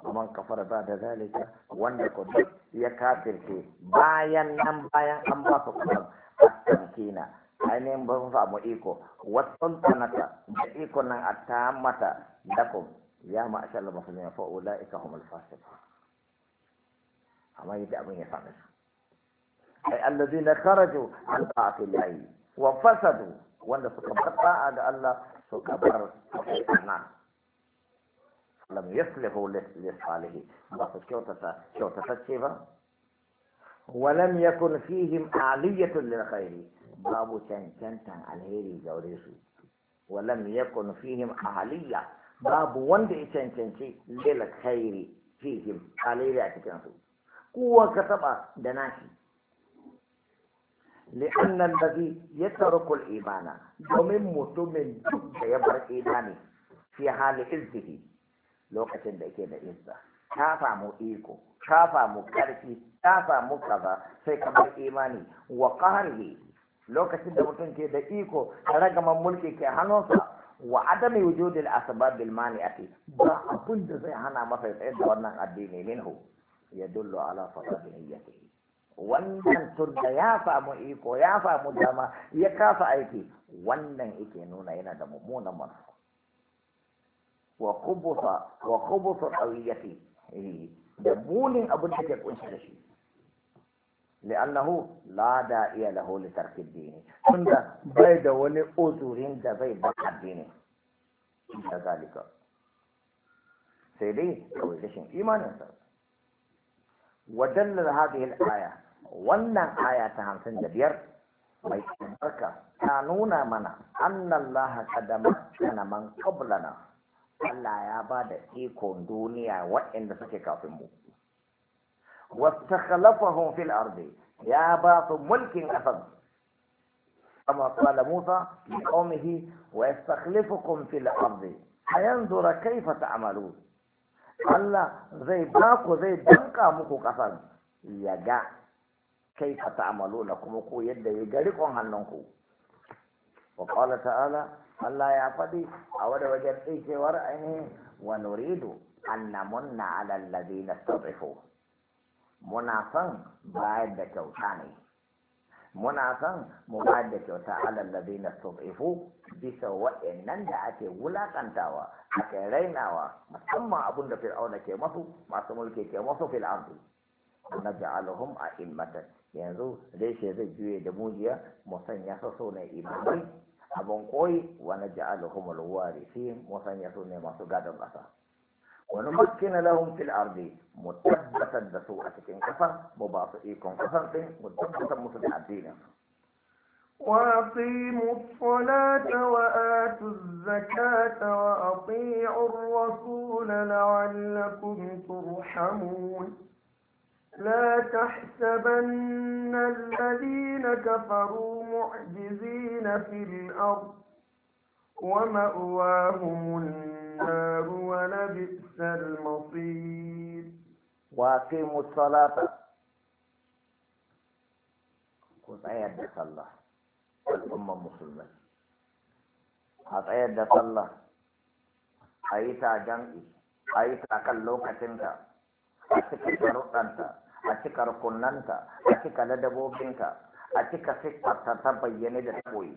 ومن كفر بعد ذلك وانك يا كافر كي بايا نم بايا ام باسو كلام ainihin ba su samu iko wasan tsanata da iko nan a ta mata dakum ya ma'ashar da masu nefa ula ika humul fasik amma yadda abin ya same su ai allazi na karaju an ta'afi layi wa fasadu wanda suka bar ta'a da Allah suka bar nan lam yaslihu lisalihi ba su kyautata kyautatacce ba ولم يكن فيهم عالية للخير babu cancantan alheri ga wuri su walam ya fihim ahaliya babu wanda ya cancanci lila khairi fihim alheri a cikin su kowa ka taba da nashi li'annan da zai ya tsaro imana domin mutumin duk da ya bar imani fi hali izzihi lokacin da yake da izza ta samu iko ta samu karfi ta samu kaza sai bar imani wa qahrihi lokacin da mutum ke da iko ta ragaman mulki ke hannunsa wa adami wujudil asbab mani'ati ba abun da zai hana masa tsayar da wannan addini minhu yadullu ala fasadi niyyatihi wannan tunda ya samu iko ya samu dama ya kasa aiki wannan yake nuna yana da mummunan manufa wa khubusa wa khubusa qawiyati eh, da munin abin da ke kunshi da shi لأنه لا داعي له لترك الدين عند بيد ولي أذرين دا بيد الدين إلا ذلك سيدي توزيشن إيمان انسان ودلل هذه الآية وانا آية تهمسن جبير mai albarka ta nuna mana annallaha kada makana man qablana Allah ya ba da ikon duniya waɗanda suke kafin mu واستخلفهم في الأرض يا باط ملك أفضل كما قال موسى لقومه ويستخلفكم في الأرض فينظر كيف تعملون الله زي باكو زي دنكا مكو قصر يجا كيف تعملون كمكو يد يجريكم هنونكو وقال تعالى الله يا فدي أود وجد إيش ورأيه ونريد أن نمن على الذين استضعفوه muna son bayar da kyauta ne muna son mu bayar da kyauta alal ladina tudifu bisa wa'annan da ake wulakantawa ake rainawa musamman abun da fir'auna ke masu masu mulki ke masu fil ardi a a'immatan yanzu reshe zai juye da mujiya mu sanya su so ne imamai abun koyi wa ja'aluhum alwarisin mu sanya su ne masu gadon ƙasa ونمكن لهم في الأرض مثبتا دسوء كفر مباطئيكم كفر متبتا متبعدين وأقيموا الصلاة وآتوا الزكاة وأطيعوا الرسول لعلكم ترحمون لا تحسبن الذين كفروا معجزين في الأرض ومأواهم النار النار ولبئس المصير واقيموا الصلاة قطعية دا صلاة الأمة المسلمة قطعية دا صلاة أيتا جمعي أيتا كاللوكة تنتا أتكا شرطنتا أتكا ركننتا أتكا لدبوبنتا أتكا سكتا تتبيني تبيني تقوي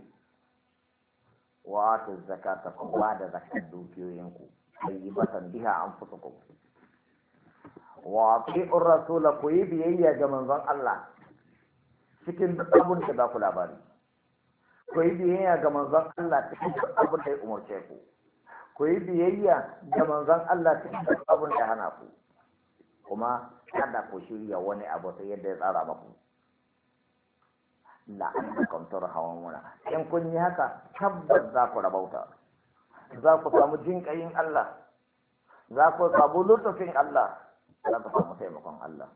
wa zaka ta ku ba da zakar dukiyoyinku tayyibatan biha anfusukum wa ar rasul ku yi biyayya ga manzon Allah cikin dukkan da za ku labari ku yi biyayya ga manzon Allah cikin duk abin da ya umarce ku ku yi biyayya ga manzon Allah cikin duk abin da hana ku kuma kada ku shirya wani abu sai yadda ya tsara maku hawan turhamuna in kun yi haka tabbas za ku rabauta za ku samu jinkayin Allah za ku samu lutufin Allah za ku samu taimakon Allah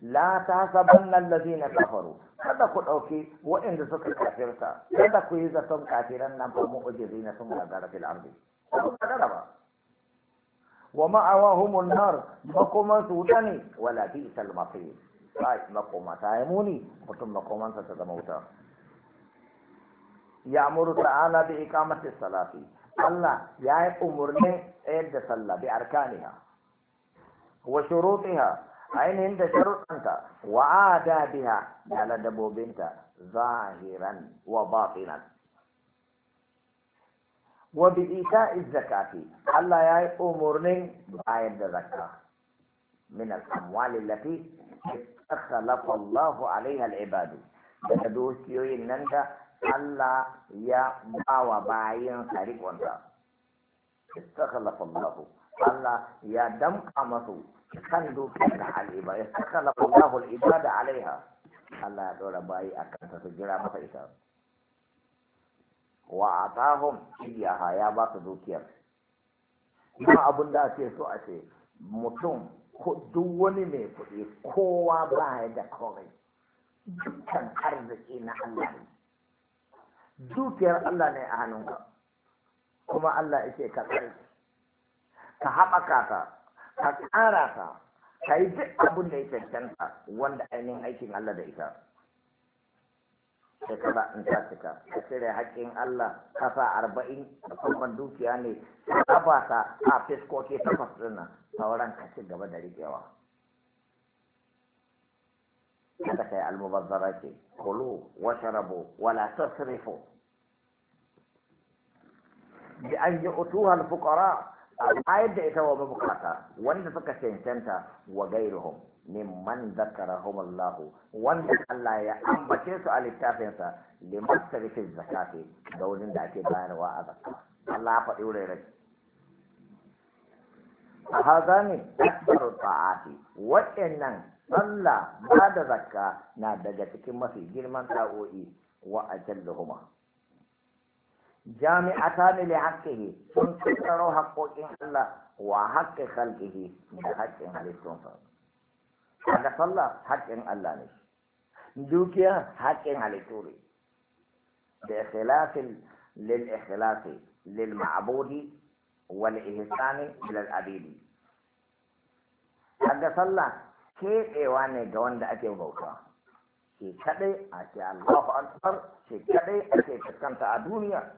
la ta saban allazi na kafaru kada ku ɗauki waɗanda suka kafirta kada ku yi zaton kafiran nan ba mu'ujizi na sun gagara fil ardi ba wa ma'awahum an-nar ba kuma su ne wala bi'sal masir kai makoma ta yi muni mutum makomansa ta zama wuta ya muru ta'ala bi iqamati salati Allah ya yi umurnin tsayar da sallah bi arkaniha wa shurutiha ainihin da sharuɗanta wa adabiha da ladabobinta zahiran wa batinan wa bi ita'iz zakati Allah ya yi umurnin bayar da zakka min al-amwali allati khalaqa Allahu alaina al-ibadu daga dukiyoyin nan da Allah ya bawa bayin sarikonta istakhlafa Allahu Allah ya damka masu kan dukiyar al-ibada istakhlafa Allahu al-ibada alaiha Allah ya dora bayi akan ta su jira masa ita wa a iyaha ya ba su dukiyar kuma abin da ake so a ce mutum duk wani mai kuɗi kowa ba ya da komai dukkan arziki na Allah ne dukiyar Allah ne a hannunka kuma Allah yake ka tsare ka haɓaka ta ka ƙara ta ka yi duk abin da ya cancanta wanda ainihin aikin Allah da ita shekara in ta cika ka cire haƙƙin Allah kasa arba'in da kuma dukiya ne kafa ta a fiskoki takwas ɗin sauran ka ci gaba da riƙewa kada ka yi almubazzara ce kulu rabo, wala tasrifu bi an yu'tuha utuhar fukara, a yadda ita wa mabukata wanda suka cancanta wa gairuhum zakara zakarahumullahu wanda Allah ya ambace su a littafinsa liman sarifin zakati da wurin da ake bayarwa a zakka Allah faɗi wurin a haza ne akbaru ta'ati waɗannan Allah ba da zakka na daga cikin mafi girman ta'o'i wa ajalluhuma jami'ata ne li haqqihi sun tsaro haƙoƙin Allah wa haqqi khalqihi da haƙƙin halittunsa kaga sallah haƙƙin Allah ne dukiya haƙƙin halittu ne da ikhlasin lil ikhlasi lil ma'budi wal ihsani lil abidi kaga sallah keɓewa ne ga wanda ake bauta ke kadai a ce Allahu akbar ke kadai a ce fuskanta a duniya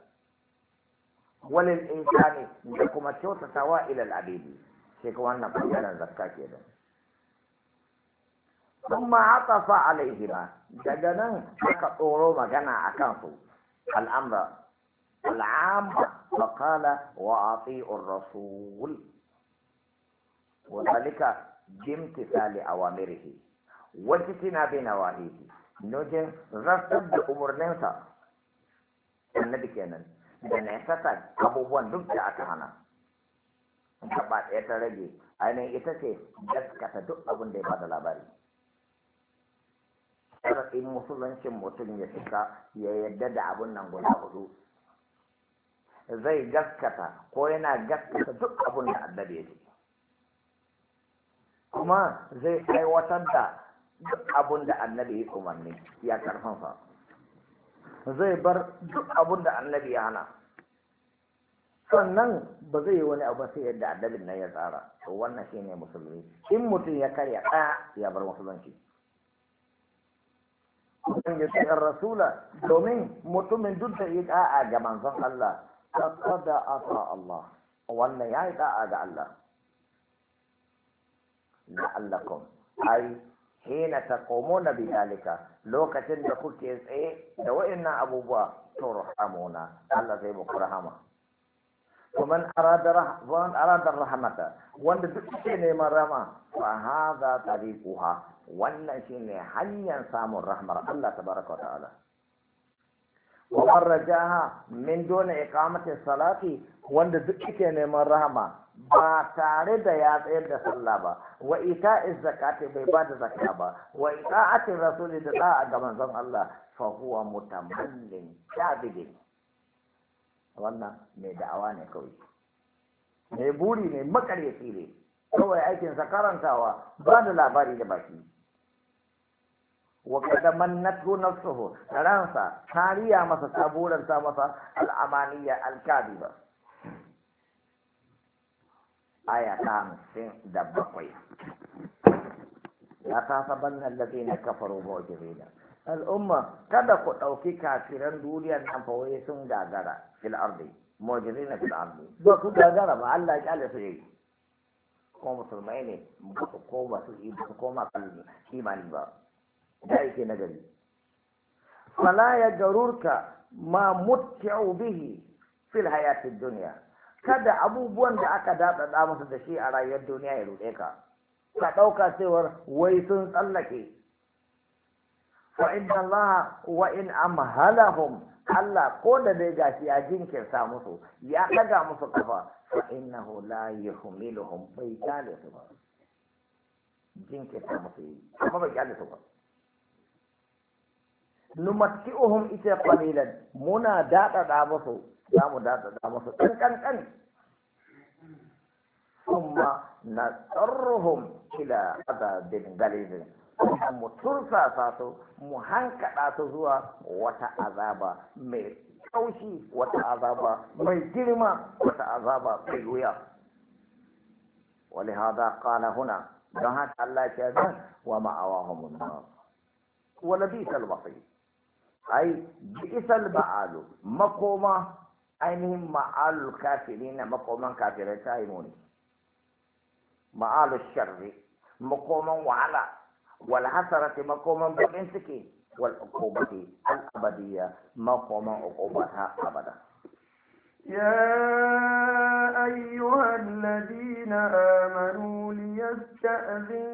walil insani da kuma kyautatawa ilal abidi sai kuma wannan bangaren zakka kenan sun ma fa alaihira daga nan aka tsoro magana a kansu al'amra al'amma kala wa ati'ur rasul wa zalika jimtisali tina bai na wahidi nojin rasul da umarninsa annabi kenan da na nesata abubuwan duk da aka hana ba ɗaya ta rage ainihin ita ce gaskata duk abin da ya bada labari sharaɗin musuluncin mutum ya cika ya yarda da abun nan guda hudu zai gaskata ko yana gaskata duk abun da annabi ya ce kuma zai aiwatar da duk abun da annabi ya umarni ya karfansa zai bar duk abun da annabi ya hana sannan ba zai yi wani abu sai yadda addabin nan ya tsara to wannan shine musulmi in mutum ya karya ɗaya ya bar musulunci من يتبع الرسول دومين متومن دون تيجا أجا من زق الله فقد أطاع الله وأن يعيد أجا آه، الله لعلكم أي حين تقومون بذلك لو كتن تقول كيس إيه لو إن أبو با ترحمونا الله زي بك رحمة ومن أراد رحمة وأن أراد الرحمة وأن تكتن ما رحمة فهذا طريقها wannan shine hanyar samun rahmar Allah ta baraka wa ta'ala wa man rajaha min dona iqamati salati wanda duk ke neman rahama ba tare da ya tsayar da sallah ba wa ita is zakati bai ba da zakka ba wa ita ita'ati rasuli da za a ga manzon Allah fa huwa mutamallin jabidin wannan mai da'awa ne kawai mai buri ne makaryaci ne kawai aikinsa karantawa ba da labari da baki وقد منته نفسه رانسا ثانية مسا سابورا سامسا الأمانية الكاذبة آية سين دبقوي لا تحسبن الذين كفروا معجزين الأمة كذا قد أوكي كافرا دوليا نفوه سنجاغرا في الأرض معجزين في الأرض دوكو جاغرا ما الله يجعل سيئي كومة musulmai ne ko masu ko da yake na gari fala ya garurka ma mutu bihi fil hayatid dunya kada abubuwan da aka daɗaɗa musu da shi a rayuwar duniya ya ruɗe ka ka ɗauka cewar wai sun tsallake wa inna Allah wa in amhalahum Allah ko da dai gashi ya jinkirta musu ya ɗaga musu kafa fa innahu la yuhmiluhum bai kyale su ba jinkirta musu amma bai kyale su ba numatti'uhum ita qalilan muna dadada musu za mu dadada musu kan kan kan kuma nasarruhum ila adabin galibin mu tursasa su mu hankaɗa su zuwa wata azaba mai kaushi wata azaba mai girma wata azaba mai wuya ولهذا قال هنا نهت الله كذا ومأواهم النار ولبئس المصير ai bi'isal ma'alu makoma ainihin ma'alul kafiri na makoman kafirai ta yi muni ma'alul sharri makoman wahala wal hasarati makoman bakin ciki wal uqubati al abadiyya makoman uqubata abada يا أيها الذين آمنوا ليستأذن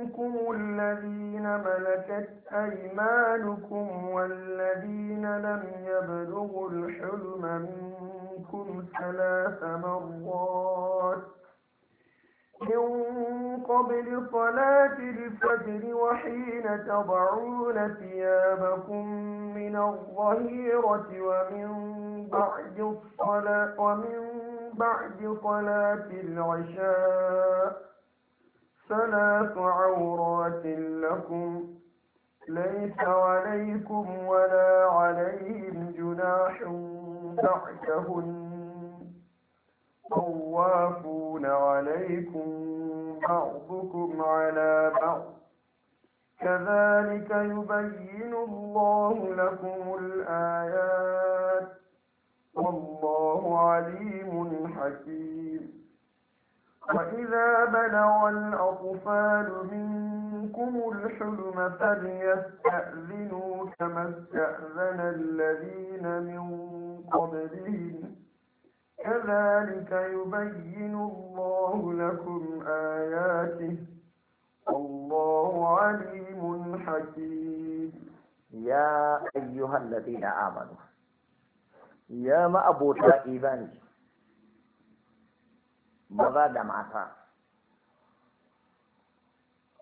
منكم الذين ملكت أيمانكم والذين لم يبلغوا الحلم منكم ثلاث مرات من قبل صلاة الفجر وحين تضعون ثيابكم من الظهيرة ومن بعد الصلاة ومن بعد صلاة العشاء ثلاث عورات لكم ليس عليكم ولا عليهم جناح تحتهن طوافون عليكم بعضكم على بعض كذلك يبين الله لكم الآيات والله عليم حكيم وإذا بلغ الأطفال منكم الحلم فليستأذنوا كما استأذن الذين من قبلهم كذلك يبين الله لكم آياته والله عليم حكيم يا أيها الذين آمنوا يا ما أبو maza da mata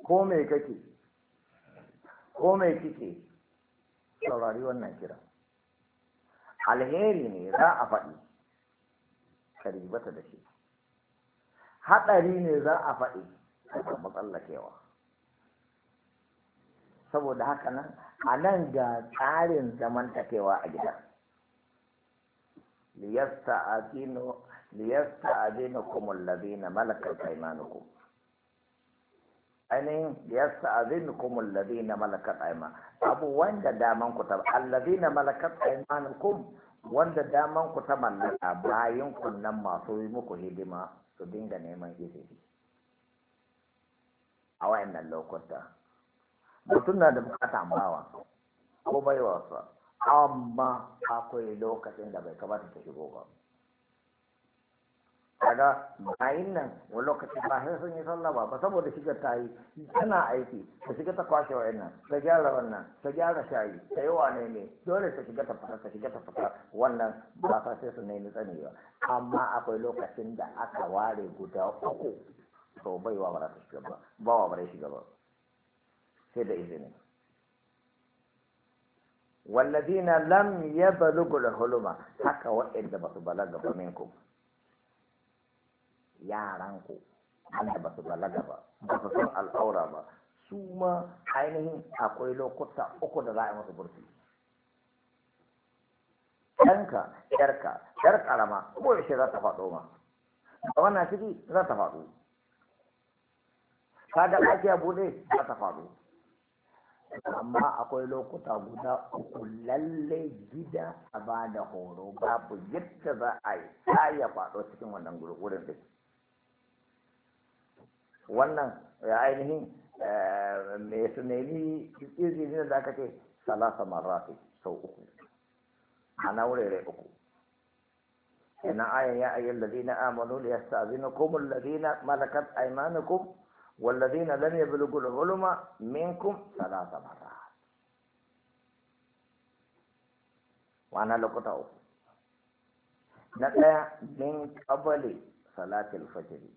ko mai kake ko mai kike saurari wannan kira alheri ne za a faɗi karibata da shi haɗari ne za a faɗi a matsallakewa saboda haka nan a nan ga tsarin zamantakewa a gida liyasta a liyasta liyasta'adhinukum alladhina malakat aymanukum ainihin liyasta'adhinukum alladhina malakat ayman abu wanda daman ku ta alladhina malakat aymanukum wanda daman ku ta mallaka bayan ku nan masu yi muku hidima su dinga neman izini a wayannan lokuta mutum na da bukata bawa ko baiwa amma akwai lokacin da bai kamata ta shigo ba kaga bayin nan wa lokaci ba sai sun yi sallah ba ba saboda shiga ta yi tana aiki ta shiga ta kwashe nan, ta gyara wannan ta gyara shayi ta yi wa ne dole ta shiga ta fita ta shiga ta fita wannan ba sa sai sun nemi tsani ba amma akwai lokacin da aka ware guda uku to bai wa za ta shiga ba ba wa ba shiga ba sai da izini والذين لم يبلغوا الحلم حكى وإن بس بلغ منكم yaranku ana ba su balaga ba ba su san al'aura ba su ma ainihin akwai lokuta uku da za a yi musu burfi ɗanka yarka yar ƙarama ko yaushe za ta faɗo ma a wannan ciki za ta faɗo kaga lafiya bude za ta faɗo amma akwai lokuta guda uku lalle gida a ba da horo babu yadda za a yi ta ya faɗo cikin wannan gurgurin da wannan ya ainihin mai su nemi izinin da aka ce salasa marrati sau uku ana wurare uku ina ayan ya ayyar ladina amanu da ya sa'azinu kuma ladina malakat aimanukum والذين لم يبلغوا العلم منكم ثلاث مرات وانا لقطة أخرى na ɗaya min ƙabali salatul fajiri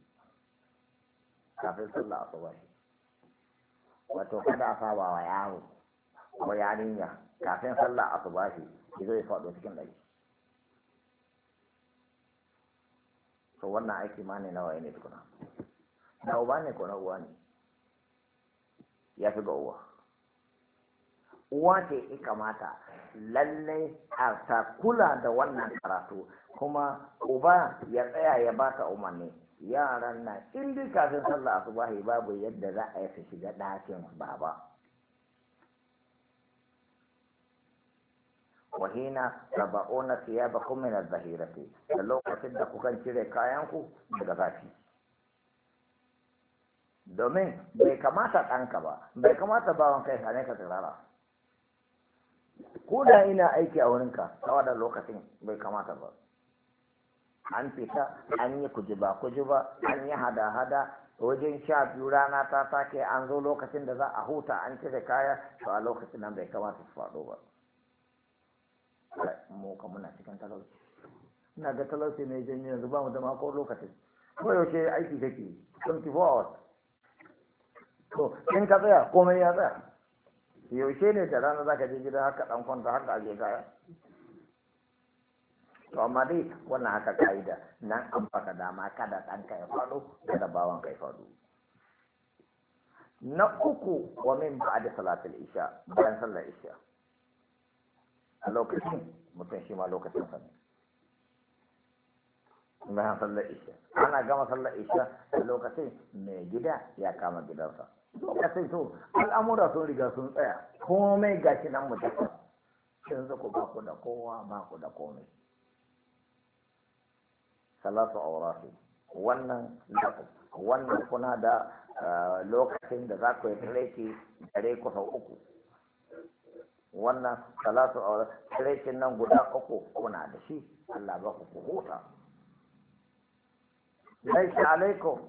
kafin sallah asuba wato kada a saba wa yaro ko yarinya kafin sallah asuba shi zai faɗo cikin dare. to wannan aiki ma ne nawa ne tukuna na uba ne ko na uwa ne ya fi ga uwa uwa ce ya kamata lallai a ta kula da wannan karatu kuma uba ya tsaya ya ba ta umarni yaran na in dai kafin sallah asubahi babu yadda za a yi su shiga ɗakin baba wahina saba'una thiyabakum min adh-dhahirati da lokacin da kukan cire kayanku daga zafi domin bai kamata ɗanka ba bai kamata bawan kai sane ka tsirara ko da ina aiki a wurinka tawa da lokacin bai kamata ba an fita an yi kujiba kujiba an yi hada-hada wajen sha biyu rana ta sake an zo lokacin da za a huta an cire kaya to a lokacin nan bai kamata su faɗo ba mu ka muna cikin talauci ina ga talauci mai janyo yanzu ba mu da mako lokacin ko yaushe aiki kake 24 hours to in ka tsaya komai ya tsaya yaushe ne da rana za ka je gida haka dan kwanta haka a je kaya to amma dai wannan haka ka'ida nan an baka dama kada ka ya faɗo kada bawan ka ya faɗo na uku wa min ba da salatul isha bayan sallar isha a lokacin mutum shi ma lokacin sa bayan sallar isha ana gama sallar isha a lokacin mai gida ya kama gidansa lokacin to al'amura sun riga sun tsaya komai gashi nan mutum yanzu ku ba ku da kowa ba ku da komai salatu aurati wannan wannan kuna da eh, lokacin da za ku yi tsireki dare ku sau uku wannan salatu aurati tsirekin nan guda uku kuna da shi Allah ba ku ku huta laisa alaikum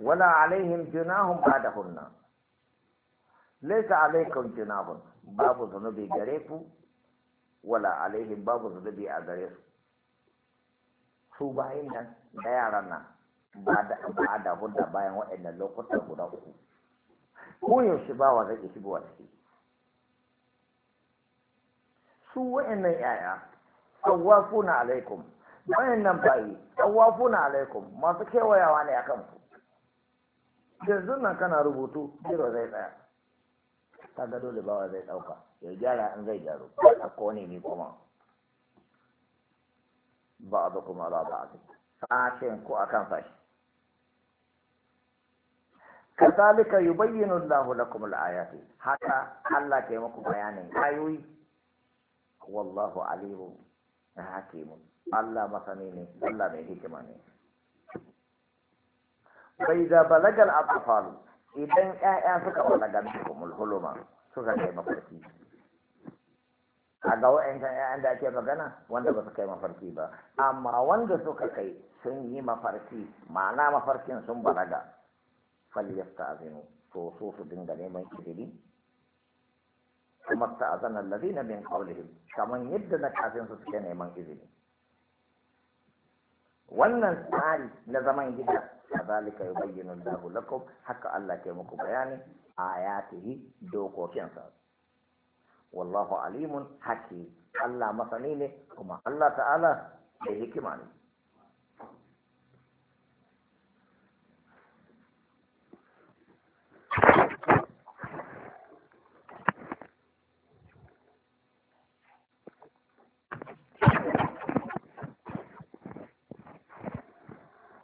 wala alaihim junahum ba'dahunna laisa alaikum junahum babu zunubi gare ku wala alaihim babu zunubi a gare su su bayan nan da yaran nan ba da damu da bayan waɗannan lokutan guda uku ko yaushe ba wa zai a ciki su waɗannan yaya na alaikum nan bayi na alaikum masu kewayawa ne a kanku yanzu nan kana rubutu jiro zai tsaya ta ga dole bawa zai ɗauka ya gyara an zai gyaru a kone ni kuma ba'dukum ala ba'd sashen ku akan sashi kadhalika yubayyinu Allahu lakum al-ayati haka Allah ke muku bayanin ayoyi wallahu alimun hakimun Allah masani ne Allah mai hikima ne bai da balagal atfal idan 'ya'ya suka balaga minkum al-huluma suka kai mafarki a ga wa'ancan 'ya'yan da ake magana wanda ba su kai mafarki ba amma wanda suka kai sun yi mafarki ma'ana mafarkin sun balaga ta azinu to so su dinga neman izini kuma ta ta'azan allazina min qawlihim kamar yadda na kafin su suke neman izini wannan tsari na zaman gida zalika yi bayyana lakum haka Allah ke muku bayani A ya ayatihi dokokinsa wallahu alimun haki Allah masani ne kuma Allah ta'ala da hikima ne